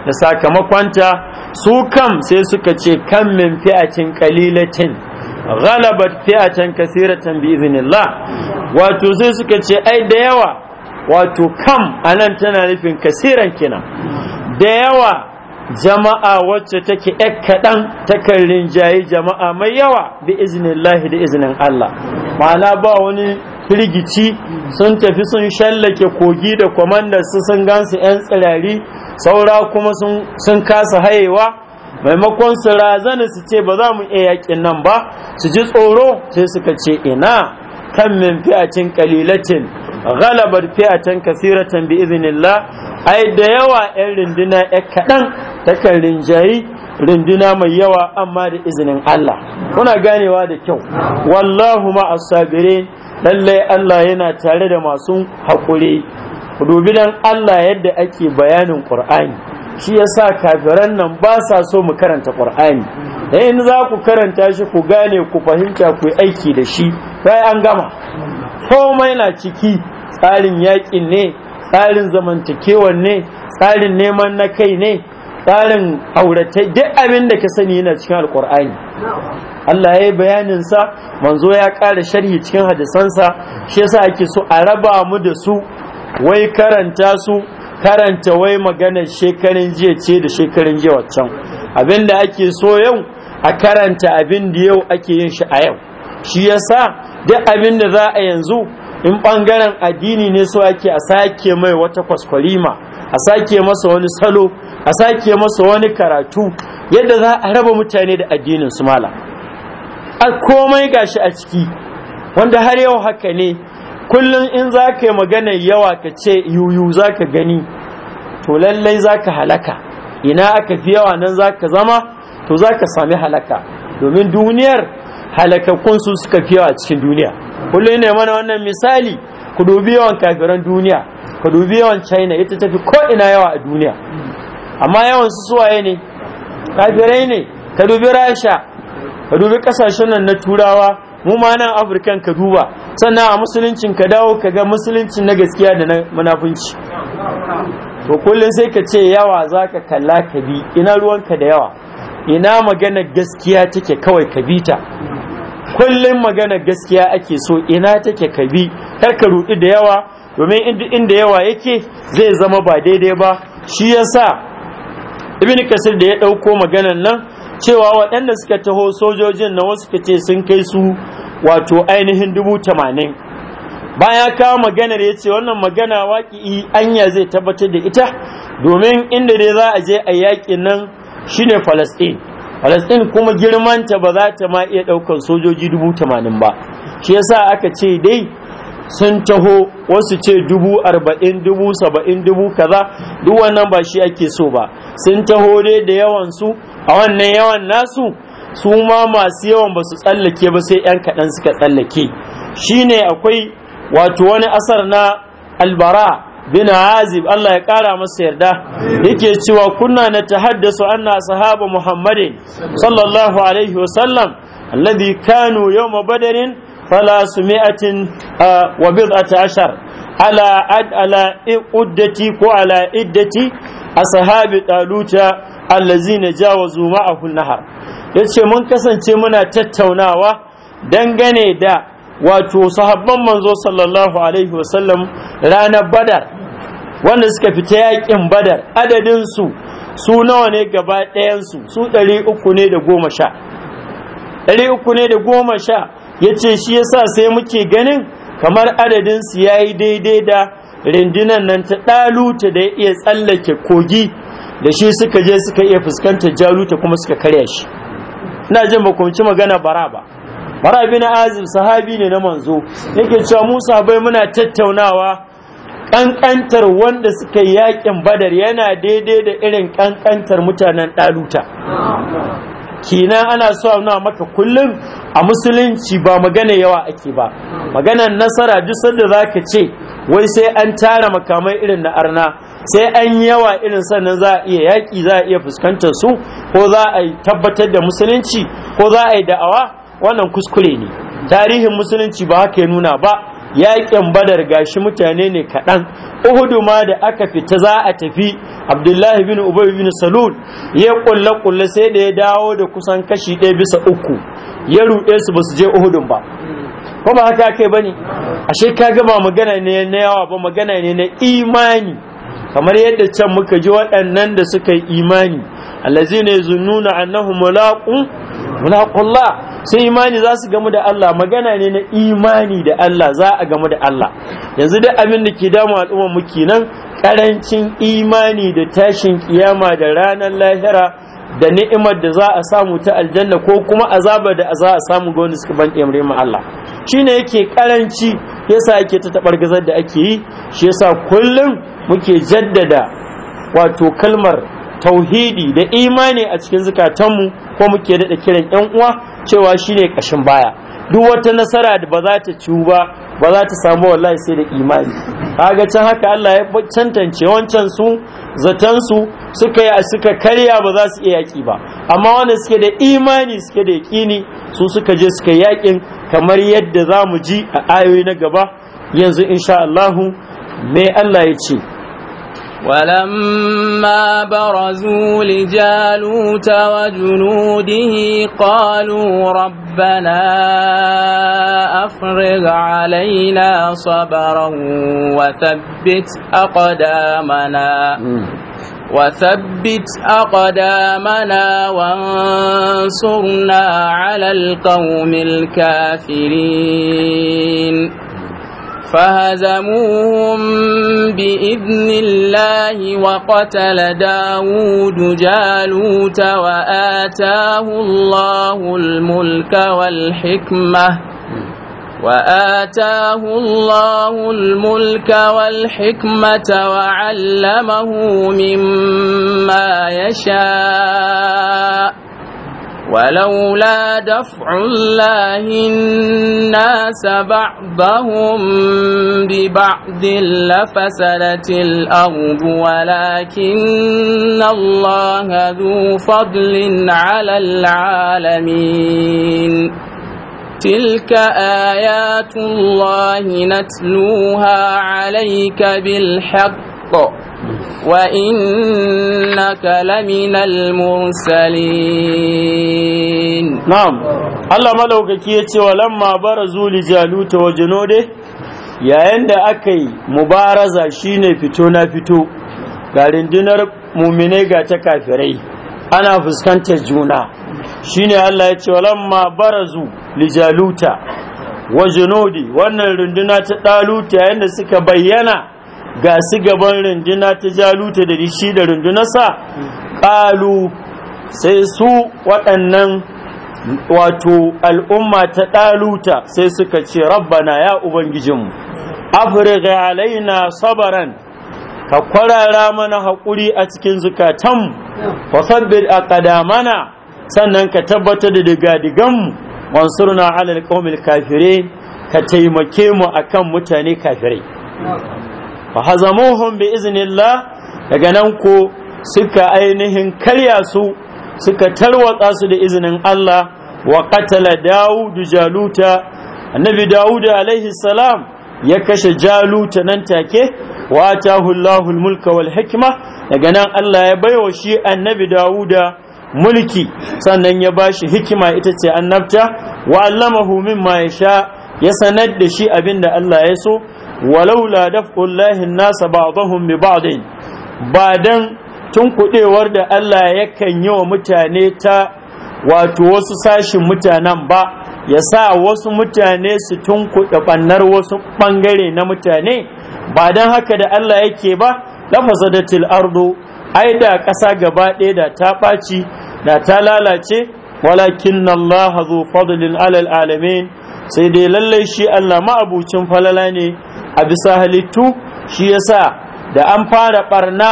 da sakamakonta su kam sai suka ce kan min fi'atin qalilatin ghalabat fi'atan kasiratan bi iznillah wato sai suka ce ai da yawa wato kam anan tana nufin kasiran kina da yawa jama'a wacce take ‘yan kaɗan takan rinjaye jama'a mai yawa bi iznillah da iznin Allah ma'ana ba wani firgici sun tafi sun shallake kogi da su sun gansu ‘yan tsirari saura kuma sun kasa hayewa maimakon su razana su ce ba za mu iya yakin nan ba su ji tsoro sai suka ce ina kan min fi'atin kalilatin galabar fi'atan kasiratan bi iznillah ai da yawa yan rinduna ya kaɗan takan rinjayi rinduna mai yawa amma da izinin Allah kuna ganewa da kyau wallahu ma as lallai Allah yana tare da masu haƙuri dubi dan Allah yadda ake bayanin Qur'ani shi yasa kafiran nan ba sa so mu karanta Qur'ani eh, in za ku karanta shi ku gane ku fahimta ku aiki da shi sai an gama komai na ciki tsarin yakin ne tsarin zamantakewan ne tsarin neman na kai ne tsarin auratai duk abin da ka sani yana cikin alkur'ani Allah ya yi bayaninsa manzo ya ƙara sharhi cikin hadisansa shi yasa ake so a raba mu da su wai karanta su karanta wai maganar shekarun jiya ce da shekarun jiya waccan abinda ake so yau a karanta abin da yau ake yin shi a yau shi yasa duk abin da za a yanzu in ɓangaren addini ne so ake a sake mai wata kwaskwalima a sake masa wani salo a sake masa wani karatu yadda za a raba mutane da addinin su mala a komai gashi a ciki wanda har yau haka ne kullum in za ka yi magana yawa ka ce yuyu za ka gani to lallai za ka halaka ina aka fi yawa nan za ka zama to za ka sami halaka domin duniyar halakakkun su suka fi yawa cikin duniya kullum ne mana wannan misali ku dubi yawan kafiran duniya ku dubi yawan china ita tafi ko ina yawa a duniya amma yawan su suwaye ne kafirai ne ka dubi rasha ka dubi kasashen nan na turawa mu ma nan afirkan ka duba sannan a musuluncin ka dawo ka ga musuluncin na gaskiya da na munafunci to kullum sai ka ce yawa za ka kalla ka bi ina ruwanka da yawa ina maganar gaskiya take kawai ka bi ta kullum maganar gaskiya ake so ina take ka bi kar ka rudi da yawa domin inda yawa yake zai zama ba daidai ba shi yasa ibn kasir da ya ɗauko maganar nan cewa waɗanda suka taho sojojin na wasu ce sun kai su wato ainihin dubu tamanin baya kawo maganar ya ce wannan magana waƙi'i anya zai tabbatar da ita domin inda dai za a je a yaƙin nan shine falasɗin falasɗin kuma girmanta ba za ta ma iya ɗaukar sojoji dubu tamanin ba shi yasa aka ce dai sun taho wasu ce dubu arba'in dubu saba'in dubu kaza duk wannan ba shi ake so ba sun taho dai da yawansu a wannan yawan nasu su ma masu yawan ba su tsallake ba sai 'yan kaɗan suka tsallake Shi ne akwai wato wani asar na albara bin azib Allah ya kara masa yarda yake cewa kunna na tahaddasu anna sahaba muhammadin sallallahu alaihi wasallam alladhi kanu yawma badarin fala sumi'atin wa bid'ata ashar ala ala iddati ko ala iddati ashabi taluta allazina jawazu ma'ahu nahar yace mun kasance muna tattaunawa dangane da wato sahabban manzo sallallahu alaihi wasallam ranar badar wanda suka fita yakin badar adadin su su nawa ne gaba ɗayansu su ɗari uku ne da goma sha ɗari uku ne da goma sha ya ce shi ya sa sai muke ganin kamar adadinsu ya yi daidai da rindinan nan ta ɗaluta da ya iya tsallake kogi da shi suka je suka iya fuskantar jaluta kuma suka karya shi ina jin bakumci magana bara ba bara bin azim sahabi ne na manzo yake cewa musa bai muna tattaunawa ƙanƙantar wanda suka yi yakin badar yana daidai da irin ƙanƙantar mutanen ɗaluta kina ana so a nuna maka kullum a musulunci ba magana yawa ake ba maganar nasara duk sanda za ka ce wai sai an tara makamai irin na arna sai an yawa irin sannan za a iya yaƙi za a iya fuskantar su ko za a tabbatar da musulunci ko za a yi da'awa wannan kuskure ne tarihin musulunci ba haka ya nuna ba yaƙin badar gashi mutane ne kaɗan uhudu ma da aka fita za a tafi abdullahi bin ubay bin salul ya ƙulle-ƙulle sai da ya dawo da kusan kashi ɗaya bisa uku ya ruɗe su basu je uhudun ba ko ba haka kai bane ashe ka ga ba magana ne na yawa ba magana ne na imani kamar yadda can muka ji waɗannan da suka yi imani allazina yazunnuna annahum mulaqu mulaqullah sai imani za su gamu da Allah magana ne na imani da Allah za a gamu da Allah yanzu dai abin da ke damu al'umma mu nan karancin imani da tashin kiyama da ranar lahira da ni'imar da za a samu ta aljanna ko kuma azabar da za a samu ga wanda suka ban mu Allah shine yake karanci yasa yake ta tabargazar da ake yi shi yasa kullum muke jaddada wato kalmar tauhidi da imani a cikin zukatanmu ko muke daɗa kiran yan uwa cewa shine ƙashin baya duk wata nasara da ba za ta ciwu ba ba za ta samu wallahi sai da imani kaga can haka Allah ya tantance wancan su zaton su suka yi suka karya ba za su iya yaƙi ba amma wanda suke da imani suke da yaƙini su suka je suka yaƙin kamar yadda za mu ji a ayoyi na gaba yanzu insha Allahu me Allah ya ce ولما برزوا لجالوت وجنوده قالوا ربنا أفرغ علينا صبرا وثبت أقدامنا وثبت أقدامنا وانصرنا على القوم الكافرين فهزموهم بإذن الله وقتل داود جالوت وآتاه الله الملك والحكمة وآتاه الله الملك والحكمة وعلمه مما يشاء ولولا دفع الله الناس بعضهم ببعض لفسدت الأرض ولكن الله ذو فضل على العالمين تلك آيات الله نتلوها عليك بالحق وإنك لمن المرسلين نعم الله ملوك كيتي ولما برزوا لجالوت وجنوده yayin da aka yi mubaraza shine fito na fito ga rundunar muminai ga ta kafirai ana fuskantar juna shine Allah ya ce walamma barazu lijaluta wa junudi wannan runduna ta daluta yayin da suka bayyana ga su gaban runduna ta jaluta da shi da rundunarsa ƙalu sai su waɗannan wato al'umma ta ɗaluta sai suka ce rabbana ya ubangijinmu afirka alaina sabaran ka kwarara mana haƙuri a cikin zukatanmu wasabbir a ƙadamana sannan ka tabbatar da digadiganmu wansurna alal ƙomil kafire ka taimake mu akan mutane kafirai fa hazamuhum bi iznillah daga nan ko suka ainihin karya su suka tarwatsa su da izinin Allah wa qatala Dawud Jaluta annabi Dawud alaihi salam ya kashe Jaluta nan take wa atahu Allahul mulka wal hikma daga nan Allah ya baiwa shi annabi Dawuda mulki sannan ya bashi hikima ita ce annabta wa allamahu mimma yasha ya sanar da shi abinda Allah ya so walaula daf'ullahi nasa ba'dahum bi ba'd ba dan kuɗewar da Allah yakan yi wa mutane ta wato wasu sashin mutanen ba ya sa wasu mutane su tunkuɗe bannar wasu ɓangare na mutane ba dan haka da Allah yake ba lafasadatil ardu ai da ƙasa gaba ɗaya da ta ɓaci da ta lalace walakin Allah zu fadlin alal alamin sai dai lallai shi Allah ma'abucin falala ne a bisa halittu shi yasa da an fara barna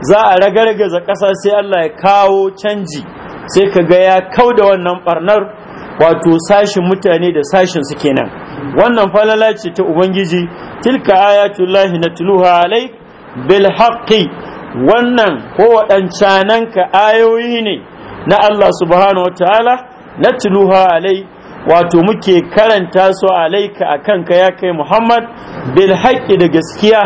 za a ragargaza ƙasa sai Allah ya kawo canji sai ka gaya kau da wannan barnar wato sashin mutane da sashin su kenan wannan falala ce ta ubangiji tilka lahi natluha alaik bil haqqi wannan ko waɗancanan ka ayoyi ne na Allah subhanahu na natluha alai. wato muke karanta su alaika a kanka ya kai muhammad bil haƙƙi da gaskiya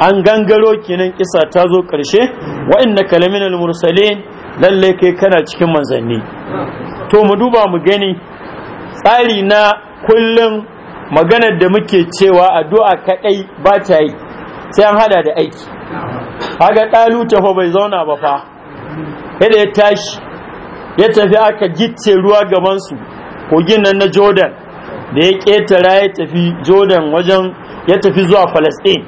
an gangaro kinan kisa ta zo ƙarshe kalamin al mursalin lallai kai kana cikin manzanni to mu duba mu gani tsari na kullum maganar da muke cewa addu'a kaɗai ba ta yi sai an hada da aiki Haga haka ta fa bai zauna ba fa yadda ya tashi ya tafi aka gitse ruwa gabansu kogin nan na jordan da ya ƙetara ya tafi jordan wajen ya tafi zuwa falasɗin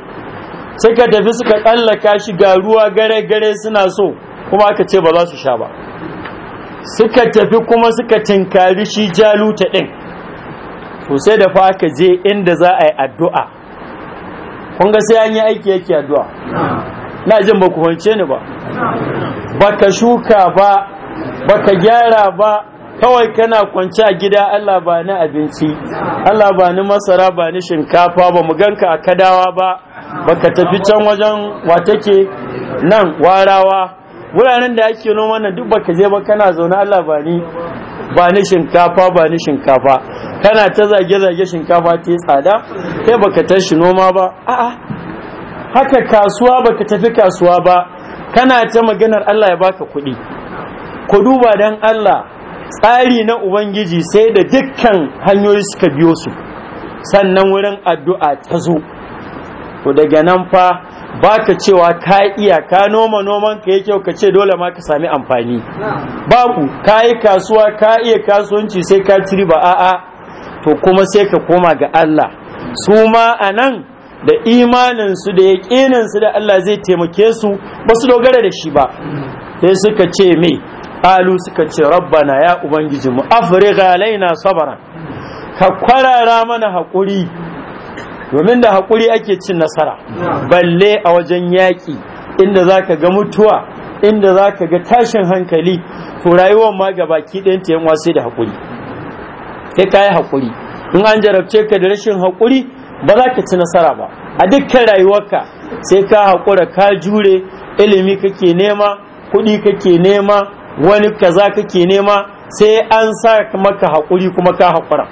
suka tafi suka tsallaka shi ga ruwa gare-gare suna so kuma aka ce ba za su sha ba suka tafi kuma suka tinkari shi jaluta ɗin sosai da fa aka je inda za a yi addu'a kun ga sai an yi aiki yake addu'a na jin ba ku ni ba baka shuka ba baka gyara ba kawai kana kwance a gida Allah ba ni abinci Allah ba ni masara ba ni shinkafa ba mu ganka a kadawa ba baka tafi can wajen wa take nan warawa wuraren da ake noma nan duk baka je ba kana zaune Allah ba ni ba ni shinkafa ba ni shinkafa kana ta zage zage shinkafa ta yi tsada kai baka tashi noma ba a'a haka kasuwa baka tafi kasuwa ba kana ta maganar Allah ya baka kuɗi ku duba dan Allah tsari na ubangiji sai da dukkan hanyoyi suka biyo su sannan wurin addu'a ta zo to daga nan fa ba ka cewa ka iya ka noma noman ka yake ka ce dole ma ka sami amfani Ba ku ka yi kasuwa ka iya kasuwanci sai ka ci ba a'a to kuma sai ka koma ga Allah su ma a nan da imaninsu da yaƙininsu da Allah zai taimake su ba su dogara da shi ba sai suka ce mai Alu suka ce rabbana ya ubangiji mu afrigh alaina sabara ka kwarara mana hakuri domin da hakuri ake cin nasara balle a wajen yaƙi inda za ka ga mutuwa inda za ka ga tashin hankali to rayuwar ma ga baki ɗayan ta yanwa sai da haƙuri sai ka yi haƙuri in an jarabce ka da rashin hakuri ba za ka ci nasara ba a dukkan rayuwarka sai ka hakura ka jure ilimi kake nema kuɗi kake nema wani kaza kake nema sai an sa maka haƙuri kuma ka haƙura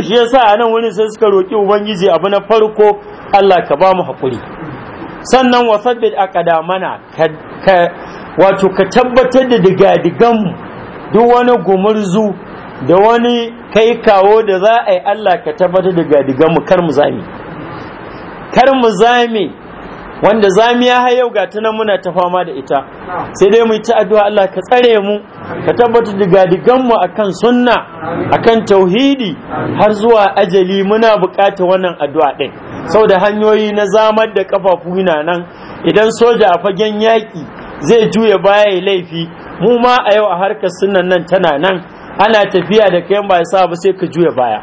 [COUGHS] shi yasa a nan sai suka roƙi ubangiji abu na farko Allah ka ba mu haƙuri sannan wasabbit aqdamana ka wato ka tabbatar da digadigan duk wani gumurzu da wani kai kawo da za a yi Allah ka tabbatar da digadigan mu kar mu zame kar mu zame wanda zamiya har yau ga tana muna ta fama da ita sai dai mu ta addu'a Allah ka tsare mu ka tabbatar diga digan mu akan sunna akan tauhidi har zuwa ajali muna bukata wannan addu'a din saboda hanyoyi na zamar da kafafu na nan idan soja a fagen yaki zai juya baya ya laifi mu ma a yau a harkar sunan nan tana nan ana tafiya da kai ba sa ba sai ka juya baya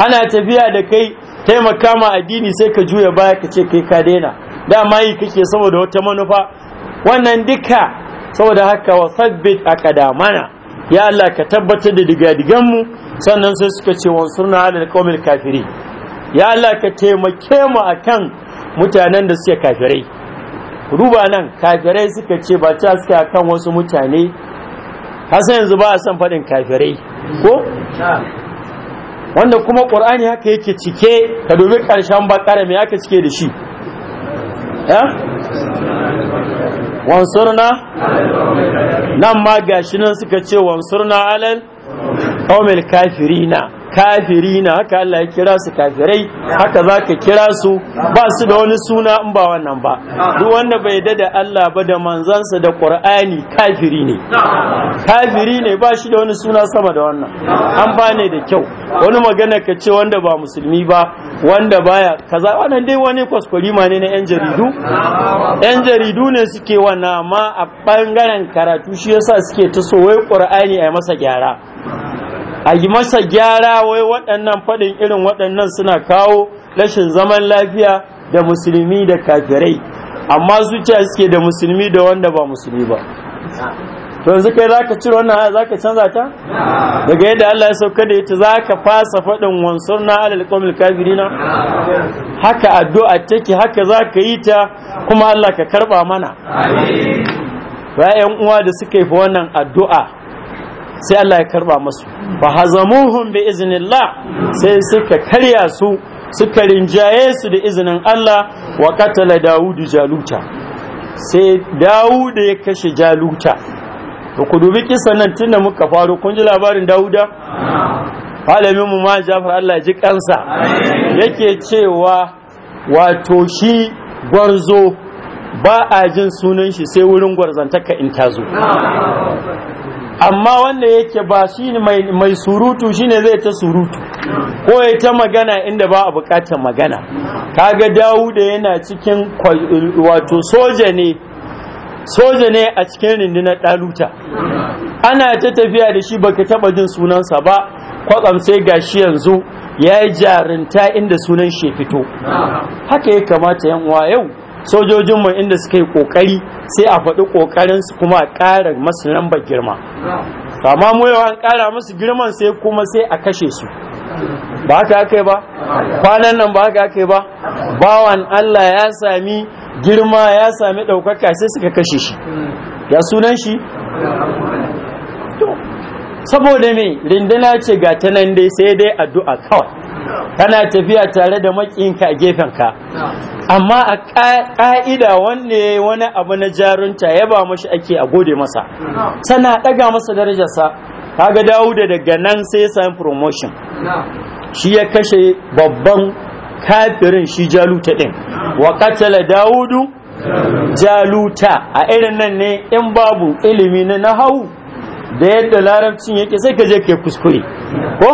ana tafiya da kai taimaka ma addini sai ka juya baya ka ce kai ka daina dama yi kake saboda wata manufa wannan duka saboda haka wa sabbit a kadamana ya Allah ka tabbatar da digadiganmu sannan sai suka ce wansurna alal qaumil kafiri ya Allah ka taimake mu akan mutanen da suke kafirai ruba nan kafirai suka ce ba ta suka akan wasu mutane hasan yanzu ba a son faɗin kafirai ko wanda kuma ƙur'ani haka yake cike ka dubi ƙarshen bakara me haka cike da shi Eh? wansurna nan ma gashi nan suka ce wansurna alal omil kafirina Kafiri na haka Allah ya kira su kafirai haka za ka kira su ba su da wani suna in ba wannan ba duk wanda bai yadda da Allah ba da manzansa da Qur'ani kafiri ne kafiri ne ba shi da wani suna sama da wannan an ne da kyau wani magana ka ce wanda ba musulmi ba wanda baya kaza wannan dai wani ma ne na yan jaridu yan jaridu ne suke wannan amma a bangaren karatu shi yasa suke ta so wai Qur'ani a masa gyara a yi masa gyara wai waɗannan faɗin irin waɗannan suna kawo rashin zaman lafiya da musulmi da kafirai amma zuciya suke da musulmi da wanda ba musulmi ba to yanzu kai zaka cire wannan aya zaka canza ta daga yadda Allah ya sauka da ita zaka fasa faɗin na alal qawmil kafirina haka addu'a take haka zaka yi ta kuma Allah ka karba mana amin uwa da suka yi fa wannan addu'a sai Allah ya karba masu ba hazamuhum bi iznillah sai suka karya su suka rinjaye su da izinin Allah wa katala Dawudu Jaluta sai Dawudu ya kashe Jaluta to ku dubi kisan nan tunda muka faro kun ji labarin Dawuda malamin mu ma Jafar Allah ji kansa yake cewa wato shi gwarzo ba a jin sunan shi sai wurin gwarzantaka in tazo amma wanda yake ba shi mai surutu shine zai ta surutu ko ya ta magana inda ba a bukatar magana ga dawuda yana cikin wato soja ne soja ne a cikin rundunar ɗaluta ana ta tafiya da shi baka taɓa jin sunansa ba kwatsam sai gashi yanzu ya yi jarinta inda sunan shi fito haka ya kamata yan uwa yau Sojojin mu inda suka yi kokari sai a faɗi kokarin su kuma a ƙara masu lambar girma amma mu yawan an ƙara musu girman sai kuma sai a kashe su ba haka aka yi ba kwanan nan ba haka aka yi ba bawan Allah ya sami girma ya sami ɗaukaka sai suka kashe shi ya sunan shi saboda me rindina ce ga ta nan dai sai dai addu'a kawai kana tafiya tare da makinka a ka, amma a ka'ida wanne wani abu na jarunta ya ba mashi ake a gode masa sana ɗaga masa darajarsa kaga dawo daga nan sai ya sami promotion shi ya kashe babban kafirin shi jaluta ɗin wa katala dawudu jaluta a irin nan ne in babu ilimi na nahawu da yadda larabcin yake sai ka je kai kuskure ko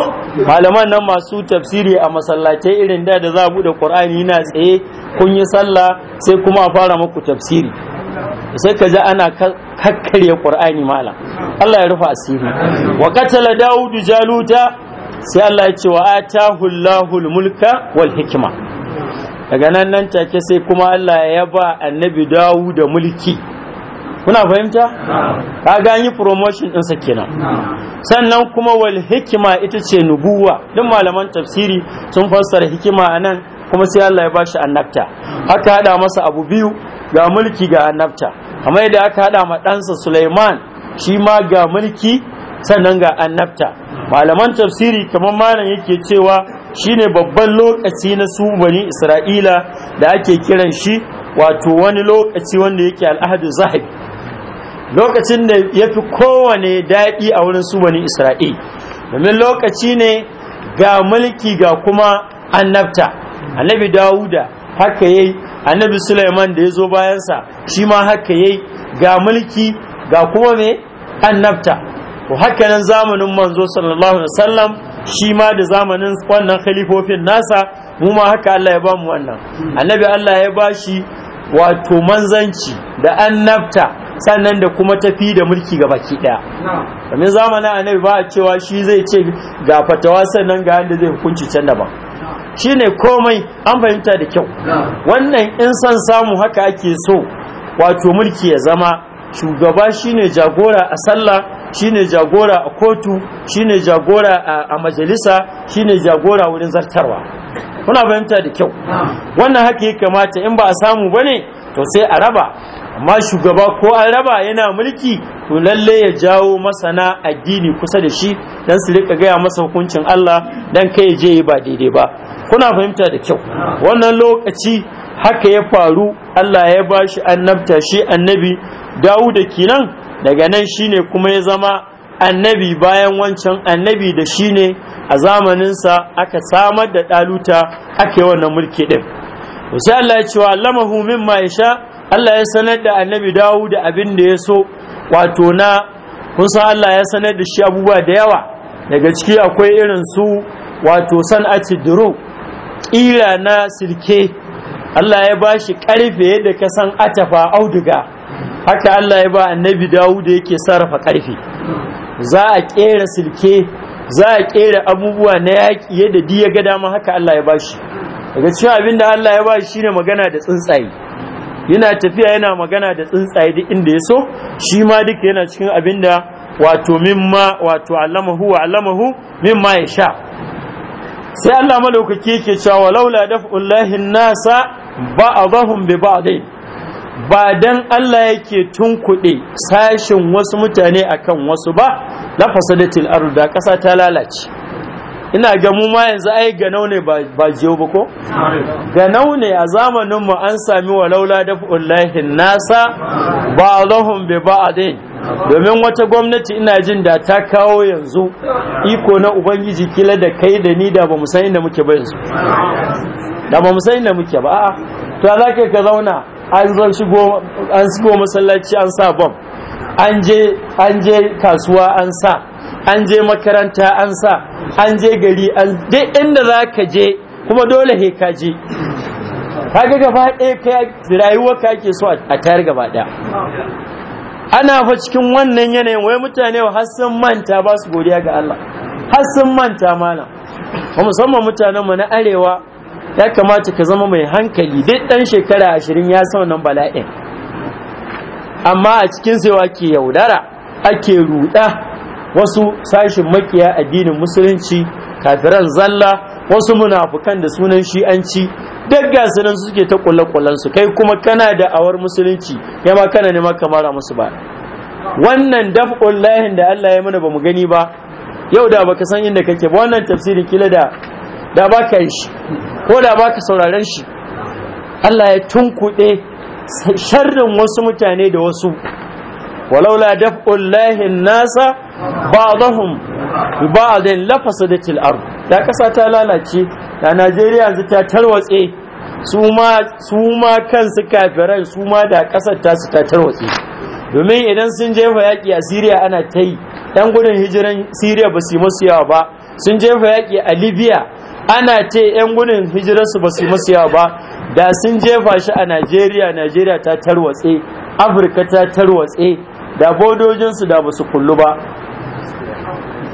malaman nan masu tafsiri a masallatai irin da da za bude qur'ani na tsaye kun yi sallah sai kuma a fara muku tafsiri sai ka ji ana kakkarya qur'ani malam Allah ya rufa asiri wa katala daudu jaluta sai Allah ya ce wa atahu Allahul mulka wal hikma daga nan nan take sai kuma Allah ya ba annabi dawu da mulki kuna fahimta ka ga promotion promotion ɗinsa kenan sannan kuma wal hikima ita ce nubuwa duk malaman tafsiri sun fassara hikima a nan kuma sai Allah ya ba shi annabta aka hada masa abu biyu ga mulki ga annabta amma yadda aka hada ma ɗansa Sulaiman shi ma ga mulki sannan ga annabta malaman tafsiri kamar malam yake cewa shine babban lokaci na su bani Isra'ila da ake kiran shi wato wani lokaci wanda yake al'ahadu zahabi lokacin da ya fi kowane daɗi a wurin su wani isra'il domin lokaci ne ga mulki ga kuma annabta annabi dawuda haka yayi annabi suleiman da ya zo bayansa shi ma haka yayi ga mulki ga kuma me annabta ko haka nan zamanin manzo sallallahu alaihi wasallam shi ma da zamanin wannan khalifofin nasa mu ma haka Allah ya ba mu wannan annabi Allah ya ba shi wato manzanci da annabta sannan da kuma tafi da mulki ga baki daya zamana zamanin annabi ba a cewa shi zai ce ga fatawa sannan ga yadda zai hukunci can daban shine komai an fahimta da kyau wannan in san samu haka ake so wato mulki ya zama shugaba shine jagora a sallah shine jagora a kotu shine jagora a majalisa shine jagora wurin zartarwa kuna fahimta da kyau wannan haka ya kamata in ba a samu bane to sai a raba amma shugaba ko an raba yana mulki to lalle ya jawo masana addini kusa da shi dan su rika gaya masa hukuncin Allah dan kai je ba daidai ba kuna fahimta da kyau wannan lokaci haka ya faru Allah ya ba shi annabta shi annabi Dawuda kinan daga nan shine kuma ya zama annabi bayan wancan annabi da shine a zamaninsa aka samar da ɗaluta aka yi wannan mulki ɗin. sai Allah ya ce wa lamahu mimma ya sha Allah ya sanar da annabi dawo da abin da ya so wato na kun san Allah ya sanar da shi abubuwa da yawa daga ciki akwai irin su wato san duro ƙira na silke Allah ya ba shi ƙarfe yadda ka san atafa auduga haka Allah ya ba annabi dawo da yake sarrafa karfe. za a ƙera silke za a ƙera abubuwa na yaƙi yadda diya ga dama haka Allah ya ba shi daga cikin abin da Allah ya ba shi shine magana da tsuntsaye yana tafiya yana magana da tsuntsaye duk inda ya so shi ma duka yana cikin abin da wato mimma wato allamahu wa allamahu mimma ya sha sai Allah malaukaki yake cewa laula daf'ullahi nasa ba'dahum bi ba'dai ba dan Allah yake tunkuɗe sashin wasu mutane akan wasu ba la fasadatil arda kasa ƙasa ta lalace ina ga mu ma yanzu ai ganau ne ba jiyo ba ko ganau ne a zamanin mu an sami walaula da ullahi nasa lahum bi ba'din domin wata gwamnati ina jin da ta kawo yanzu iko na ubangiji kila da kai da ni da ba mu san inda muke ba yanzu da ba mu san inda muke ba a'a to za ka zauna an shigo an shigo masallaci an sa bom an je an je kasuwa an sa an je makaranta an sa an je gari an duk inda za ka je kuma dole he ka je kaga gaba ɗaya kai rayuwar ka ke so a tayar gaba ɗaya ana fa cikin wannan yanayin wai mutane har sun manta ba su godiya ga Allah har sun manta malam musamman mutanen mu na arewa ya kamata ka zama mai hankali duk ɗan shekara ashirin ya san wannan bala'in amma a cikin sewa ke yaudara ake ruɗa wasu sashin makiya addinin musulunci kafiran zalla wasu munafukan da sunan shi'anci duk ga suke ta kullakullan su kai kuma kana da awar musulunci kai ma kana nema ma mara musu ba wannan daf'ul lahin da Allah ya mana bamu gani ba yau da baka san inda kake ba wannan tafsirin kila da da baka yi shi ko da baka sauraren shi Allah ya tunkuɗe sharrin wasu mutane da wasu walaula daf'ul lahi nasa ba'dahum bi ba'din lafasadatil da kasa ta lalace da Najeriya yanzu ta tarwatse su ma su kansu kafirai su ma da kasar ta su ta tarwatse domin idan sun jefa yaƙi a Siriya ana ta yi ɗan gudun hijiran Siriya ba su yi masu yawa ba sun jefa yaƙi a Libya ana ce 'yan gudun hijirarsu ba su masu yawa ba da sun jefa shi a najeriya najeriya ta tarwatse afirka ta tarwatse da bodojinsu da ba su kullu ba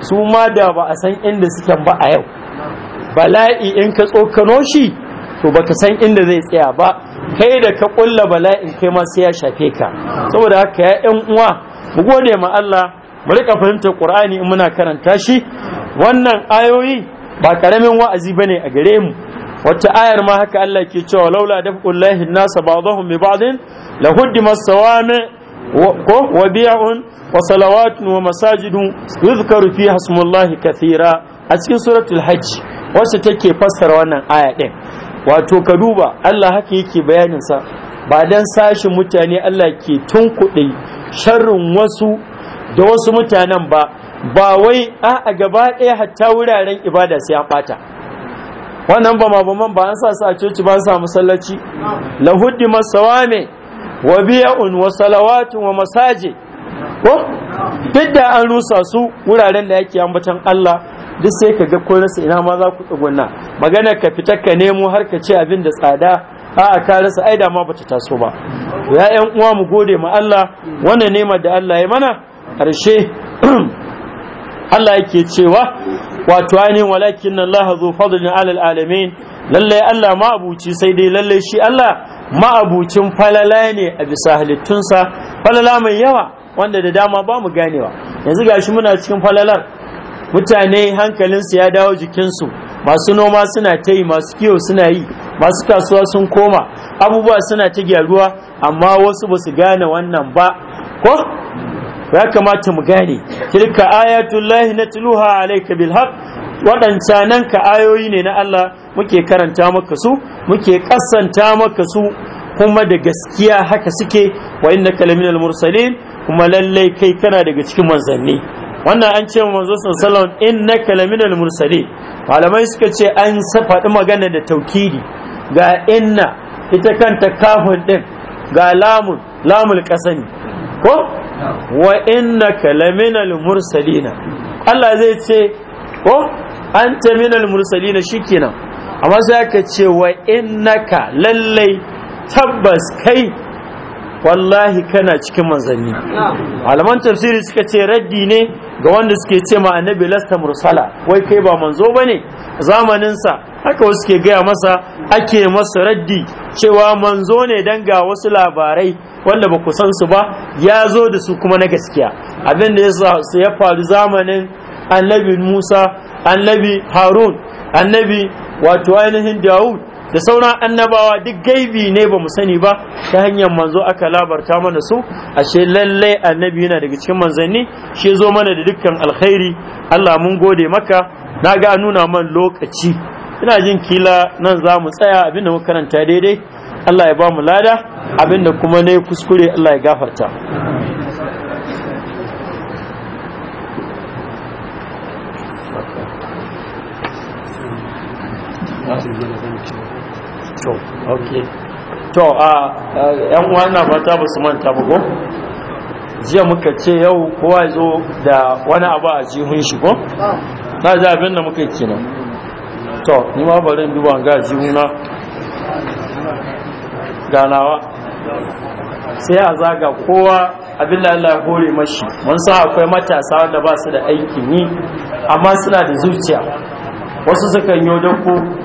su ma da ba a san inda suke ba a yau bala'i in ka tsokano shi to baka san inda zai tsaya ba kai da ka kulla bala'in kai ma sai ya shafe ka saboda haka ya yan uwa mu gode ma Allah mu rika fahimtar Qur'ani in muna karanta shi wannan ayoyi ba karamin wa'azi bane a gare mu wata ayar ma haka Allah ke cewa laula dafqullahi an-nasa ba'dahum bi ba'din lahuddimas sawami' ko wa biya'un wa salawatun wa masajidun yuzkaru fi hasmullahi kathira a cikin suratul hajj wacce take fassara wannan aya din wato ka duba Allah haka yake bayanin sa ba dan sashin mutane Allah ke tunkuɗe sharrin wasu da wasu mutanen ba ba wai a a gaba ɗaya hatta wuraren ibada sai an ɓata wannan ba ma ba an sa su a coci ba an sa masallaci Lahudi masawame wa biya'un wa salawatun wa masaje ko duk da an rusa su wuraren da yake ambatan Allah duk sai ka ga kun rasa ina ma za ku tsugunna magana ka fita ka nemo har ka ce abin da tsada a'a ka rasa ai da ma bata taso ba ya ƴan uwa mu gode ma Allah wannan nema da Allah ya mana karshe [CLEARS THROAT] Allah yake cewa wato ainihin walakin Allah zo fadlin alal alamin lallai Allah ma abuci sai dai lallai shi Allah ma'abucin falala ne a bisa halittunsa falala mai yawa wanda da dama ba mu ganewa yanzu gashi muna cikin falalar mutane hankalinsu ya dawo jikinsu masu noma suna ta yi masu kiwo suna yi masu kasuwa sun koma abubuwa suna ta gyaruwa amma wasu ba su gane wannan ba ko ya kamata mu gane tilka ayatullahi na tuluha alaika bilhaq nan ka ayoyi ne na Allah muke karanta maka su muke kasanta maka su kuma da gaskiya haka suke wa kalamin al mursalin kuma lallai kai kana daga cikin manzanni wannan an ce manzo sallallahu alaihi kalamin al mursalin malamai suka ce an faɗi magana da tauhidi ga inna ita kanta kafin din ga lamun lamul kasani ko wa kalamin al mursalina Allah zai ce ko anta minal mursalina shikenan amma sai aka ce wa innaka lallai tabbas kai wallahi kana cikin manzanni malaman tafsiri suka ce raddi ne ga wanda suke ce ma annabi lasta mursala wai kai ba manzo bane sa, haka wasu ke gaya masa ake masa raddi cewa manzo ne dan ga wasu labarai wanda ba ku san su ba ya zo da su kuma na gaskiya abin da ya faru zamanin annabi musa annabi harun annabi wato ainihin Dawud da sauran annabawa duk gaibi ne ba mu sani ba ta hanyar manzo aka labarta mana su ashe lallai annabi yana daga cikin manzanni shi zo mana da dukkan alkhairi Allah mun gode maka na ga nuna man lokaci ina jin kila nan za mu tsaya abinda muka karanta daidai Allah ya ba mu lada abinda kuma ne kuskure Allah ya gafarta to a yan wannan fata ba su manta ba ko jiya muka ce yau kowa zo da wani abu a jihun shi ko na ji abin da muka yi kenan to ni ma bari in duba ga jihuna ganawa sai a zaga kowa abin da Allah ya hore mashi mun san akwai matasa wanda ba su da aikin yi amma suna da zuciya wasu sukan yi dako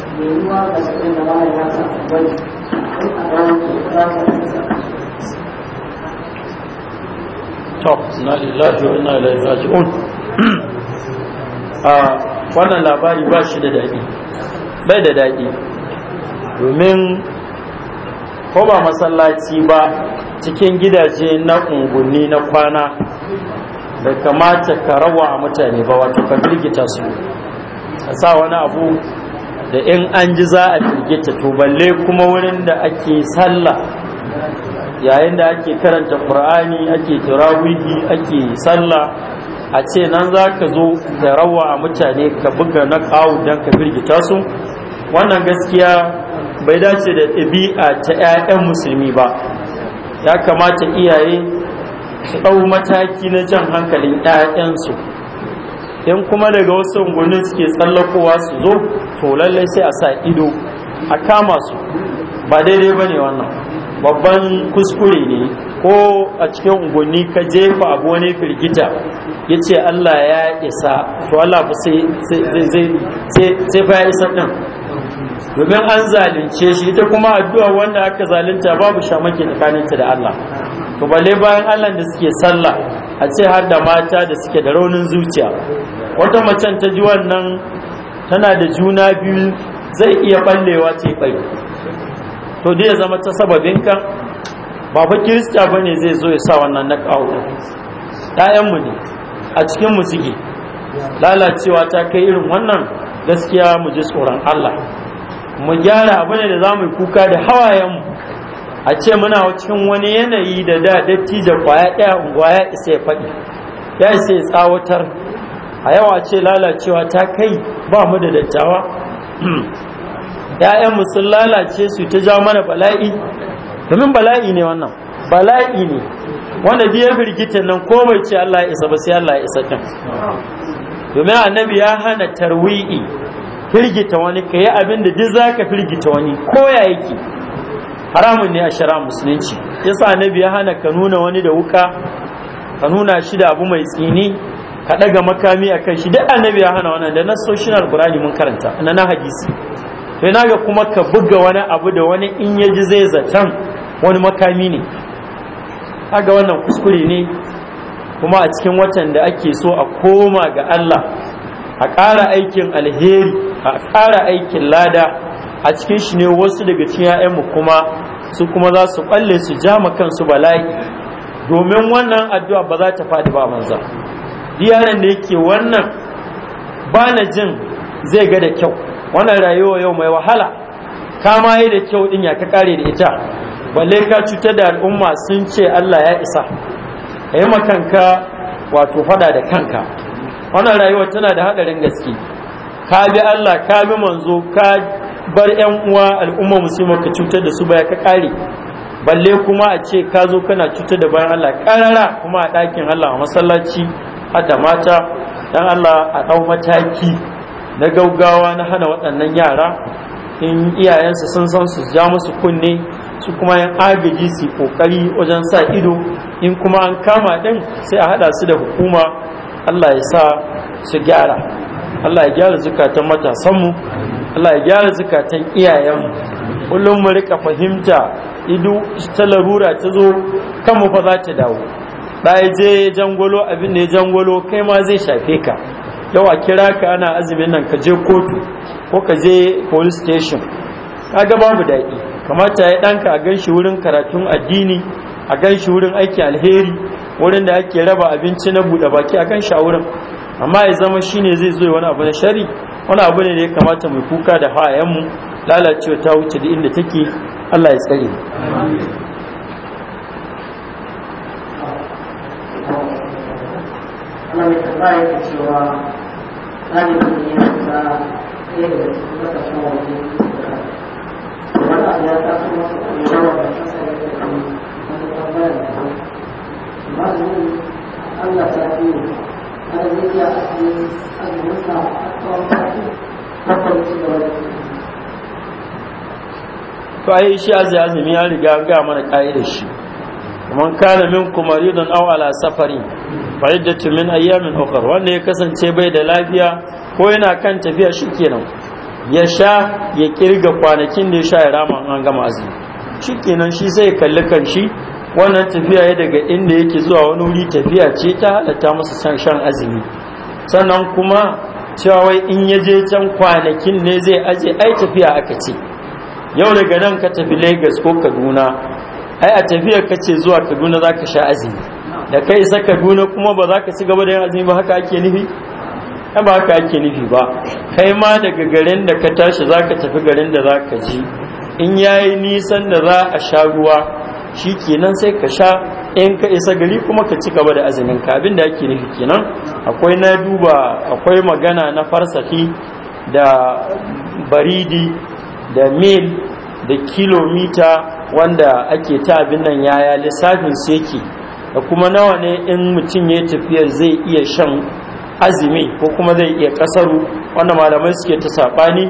yiwuwa ga da bayan ya sa wani in ranar da za ka nisa to na lillahi wa inna ilaihi raji'un a ah, wannan labari ba shi da daɗi bai da daɗi domin ko ba masallaci ba cikin gidaje na unguwanni na kwana da kamata ka rawa mutane ba wato ka girgita su a sa wani abu da in an ji za a firgita to balle kuma wurin da ake sallah yayin da ake karanta qur'ani ake tirawihi ake sallah a ce nan za ka zo da rawa a mutane ka buga na kawo don ka birgita su wannan gaskiya bai dace da ɗabi'a ta 'ya'yan musulmi ba ya kamata iyaye su ɗau mataki na jan hankalin 'ya'yansu in kuma daga wasu unguwanni suke tsallakowa su zo to lallai sai a sa ido a kama su ba daidai ba ne wannan babban kuskure ne ko a cikin unguwanni ka jefa abu wani firgita ya ce allah ya isa to allah ba sai fa ya isa ɗin domin an zalunce shi ita kuma addu'a wanda aka zalunta babu shamaki tsakaninta da allah to balle bayan allah da suke sallah a ce har da mata da suke da raunin zuciya wata macen ta ji wannan tana da juna biyu zai iya ballewa ce bai to dai ya zama ta sababin ka baba kirista bane zai zo ya sa wannan na kawo ɗayanmu ne a cikin mu suke lalacewa ta kai irin wannan gaskiya mu ji tsoron Allah mu gyara abu ne da za mu yi kuka da hawayenmu a ce muna cikin wani yanayi da da dattijan kwaya ɗaya unguwa ya isa ya faɗi ya isa ya tsawatar a yawa ce lalacewa ta kai ba mu da dattawa [CLEARS THROAT] ‘ya'yanmu sun lalace su ta jawo mana bala'i domin bala'i ne wannan bala'i ne wanda biya birgitan nan ko bai ce Allah ya isa ba sai Allah ya isa kan. domin annabi ya hana tarwi'i firgita wani ka yi abin da duk zaka firgita wani ko ya yake haramun ne a shara musulunci yasa annabi ya hana ka nuna wani da wuka ka nuna shi da abu mai tsini ka daga makami akan shi duk annabi ya hana wannan da nasoshin alqur'ani mun karanta na na hadisi to ina ga kuma ka buga wani abu da wani in ya ji zai zaton wani makami ne kaga wannan kuskure ne kuma a cikin watan da ake so a koma ga Allah a ƙara aikin alheri a ƙara aikin lada a cikin shi ne wasu daga cikin 'ya'yanmu kuma su kuma za su balle su ja ma kansu bala'i domin wannan addu'a ba za ta faɗi ba manza yaran da yake wannan ba na jin zai ga da kyau wannan rayuwa yau mai wahala Ka ma yi da kyau din ya ka kare da ita balle ka cutar da al'umma sun ce Allah ya isa ka yi makanka wato fada da kanka wannan rayuwa tana da haɗarin gaske ka bi Allah ka bi manzo ka bar yan uwa al'umma musulma ka cutar da su baya ka kare balle kuma a ce ka zo kana cutar da bayan Allah karara kuma a ɗakin Allah a masallaci da mata dan Allah a ɗau mataki na gaugawa na hana waɗannan yara in iyayensu sun san su ja musu kunne su kuma yan agaji su kokari wajen sa ido in kuma an kama ɗin sai a haɗa su da hukuma Allah ya sa su gyara Allah ya gyara zukatan matasanmu Allah ya gyara zukatan iyayen kullum mu rika fahimta idu ta larura ta zo kan mu fa za ta dawo ya je jangolo abin da ya jangolo kai ma zai shafe ka yawa kira ka ana azumin nan ka je kotu ko ka je police station ga babu daɗi kamata ya ɗanka a gan shi wurin karatun addini a gan shi wurin aiki alheri wurin da ake raba abinci na buɗe baki a gan shi a wurin amma ya zama shine zai zo wani abu na shari wani abu ne da ya kamata mai kuka da hawayenmu lalacewa ta wuce da inda take Allah ya tsare Allah ta to ai shi azumi ya riga ga mana ka'ida shi man kana minkum maridan aw ala safari fa iddatu min ayyamin ukhra wanda ya kasance bai da lafiya ko yana kan tafiya kenan ya sha ya kirga kwanakin da ya sha ya rama an gama azumi kenan shi zai kalli kan shi wannan tafiya ya daga inda yake zuwa wani wuri tafiya ce ta halatta masa san shan azumi sannan kuma cewa wai in ya je can kwanakin ne zai aje ai tafiya aka ce yau daga nan ka tafi lagos ko kaduna ai a tafiyar ka ce zuwa kaduna za ka sha azumi da ka isa kaduna kuma ba za ka ci gaba da yin azumi ba haka ake nufi ba haka ake nufi ba kai ma daga garin da ka tashi za ka tafi garin da za ka ji in ya yi nisan da za a sha ruwa shi kenan sai ka sha in ka isa gari kuma ka ci gaba da azumin ka abin da ake nufi kenan akwai na duba akwai magana na farsafi da baridi da mil da kilomita wanda ake ta abin nan yaya lissafin su yake da kuma nawa ne in mutum ya tafiyar zai iya shan azumi ko kuma zai iya kasaru wanda malamai suke ta saɓani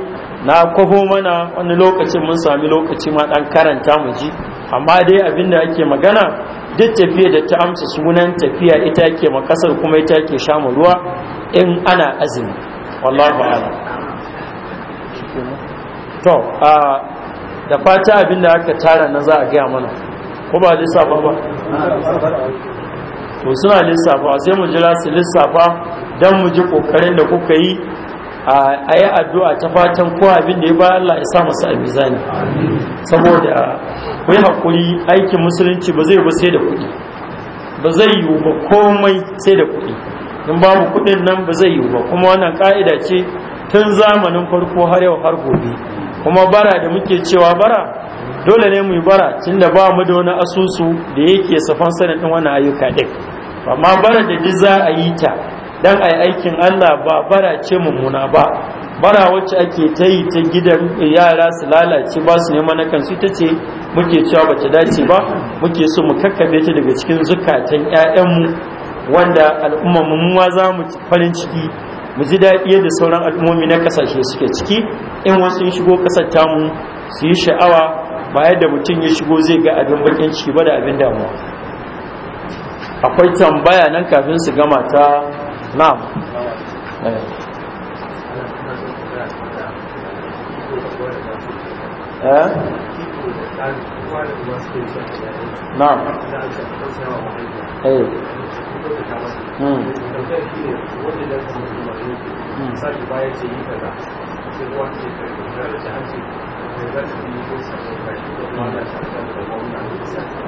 na kwafo mana wani lokacin mun sami lokaci ma ɗan karanta mu ji amma dai abin da ake magana duk tafiya da ta amsa sunan tafiya ita ke makasar kuma ita ke shamu ruwa in ana azumi wallahi ba'ala. to a da fata abinda aka tara na za a gaya mana ko ba lissafa ba to suna lissafa sai mu jira su lissafa don mu ji kokarin da kuka yi a yi addu'a ta fatan ko abin ya ba Allah ya sa masu albizani saboda ku yi haƙuri aikin musulunci ba zai ba sai da kuɗi ba zai yiwu ba komai sai da kuɗi in babu kuɗin nan ba zai yiwu ba kuma wannan ƙa'ida ce tun zamanin farko har yau har gobe kuma bara da muke cewa bara dole ne mu yi bara tunda ba mu da wani asusu da yake safan sanadin wannan ayyuka din amma bara da duk za a yi ta dan ai aikin Allah ba bara ce mummuna ba bara wacce ake ta yi ta gidan yara su lalace ba su neman na kansu ita ce muke cewa bata dace ba muke so mu kakkabe ta daga cikin zukatan 'ya'yanmu wanda al'umma mu za mu farin ciki mu ji daɗi yadda sauran al'ummomi na ƙasashe suke ciki in wasu shigo ƙasar tamu su yi sha'awa ba yadda mutum ya shigo zai ga abin bakin ciki ba da abin damuwa akwai tambaya nan kafin su gama ta na'am eh? Eh? na'am eh. Hmm.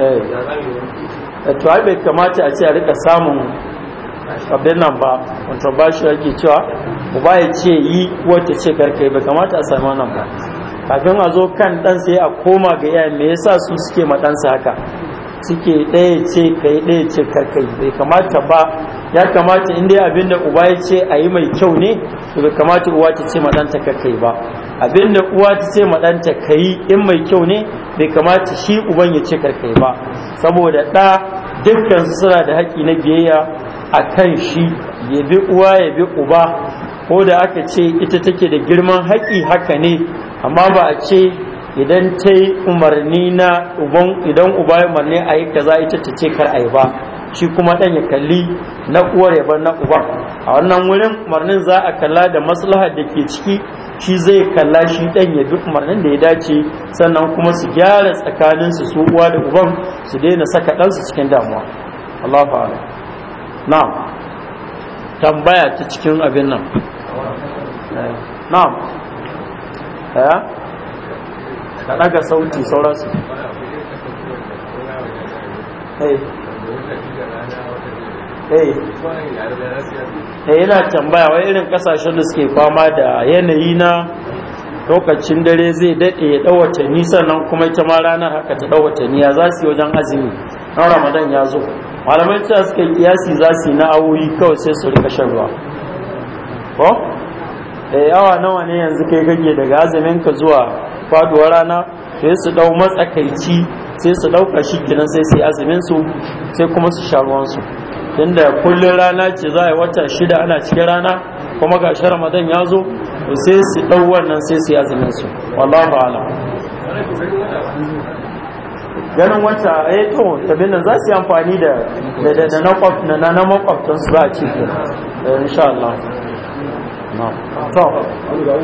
Eh, to ai bai kamata a ce a rika samun abin nan ba wato ba shi yake cewa ba ya ce yi wata ce karkai bai kamata a sami wannan ba kafin a zo kan sai ya koma ga iyayen me yasa su suke ma ɗansa haka suke ɗaya ce ka yi ɗaya ce ka kai bai kamata ba ya kamata in dai abin da uba ya ce a yi mai kyau ne to bai kamata uwa ta ce maɗanta ka kai ba abin da uwa ta ce maɗanta ka yi in mai kyau ne bai kamata shi uban ya ce kai ba saboda ɗa dukkan suna da haƙƙi na biyayya a kan shi ya bi uwa ya bi uba ko da aka ce ita take da girman haƙƙi haka ne amma ba a ce idan ta yi umarni na uban idan uba ya umarni a yi kaza ita ta ce kar a yi ba shi kuma dan ya kalli na uwar ya bar na uba a wannan wurin umarnin za a kalla da maslaha da ke ciki shi zai kalla shi dan ya bi umarnin da ya dace sannan kuma su gyara tsakanin su su uwa da uban su daina saka ɗansu cikin damuwa Allah na na'am tambaya ta cikin abin nan na'am ka ɗaga sauti sauransu eh yana eh. eh, tambaya wai irin kasashen da suke fama da yanayi na lokacin dare zai daɗe ya ɗau nisa nan kuma ita ma ranar haka ta ɗau watanni ya za su yi wajen azumi na ramadan ya zo malamai ta suka kiyasi za su yi na awoyi kawai sai su rika shan ruwa ko da eh, awa nawa ne yanzu kai gage daga azumin ka zuwa faduwar rana sai su dau matsakaici sai su dauka shi kenan sai su yi azumin su sai kuma su sha ruwan su tunda kullun rana ce za a wata shida ana cikin rana kuma ga shi ramadan ya zo to sai su dau wannan sai su yi azumin su wallahi ala ganin wata eh to tabin nan za su yi amfani da da na na na makwabtan su za a ci eh, insha Allah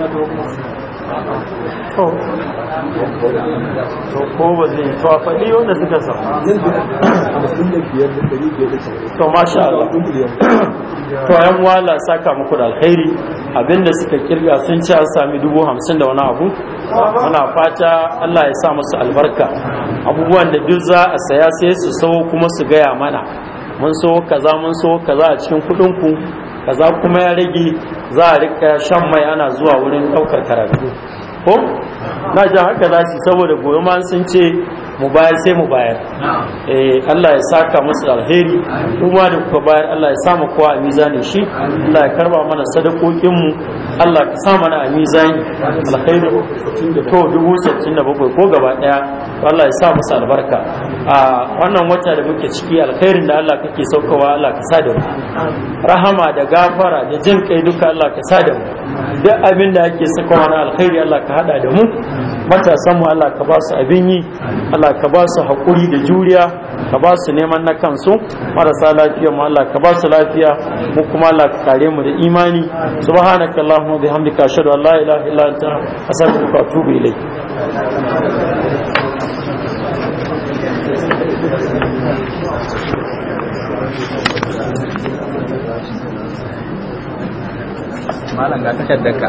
na to to ko ba zai to a faɗi wanda suka samu to masha Allah to yan wala saka muku da alkhairi abinda suka kirga sun ci an sami dubu hamsin da wani abu muna fata Allah ya sa musu albarka abubuwan da duk za a saya sai su sau kuma su gaya mana mun so kaza mun so kaza a cikin kuɗinku kaza kuma ya rage za a rika shan mai ana zuwa wurin ɗaukar karatu ko na ji haka za su saboda goyon sun ce mu bayar sai mu bayar eh Allah ya saka musu alheri kuma da kuka bayar Allah ya samu kowa a mizanin shi Allah ya karba mana sadakokin mu Allah ka sa mana a mizanin alheri da to dubu sittin da bakwai ko gaba daya Allah ya sa musu albarka a wannan wata da muke ciki alkhairin da Allah kake saukawa Allah ka sa da mu rahama da gafara da jin kai duka Allah ka sa da mu duk abin da ake sakawa na alheri Allah ka hada da mu matasanmu Allah ka ba su abin yi Allah ka ba su haƙuri da juriya ka ba su neman na kansu marasa lafiya mu Allah ka ba su lafiya mu kuma Allah ka kare mu da imani subhanaka allahumma bihamdika ashhadu an la ilaha illa anta astaghfiruka wa atubu malam ga takardar ka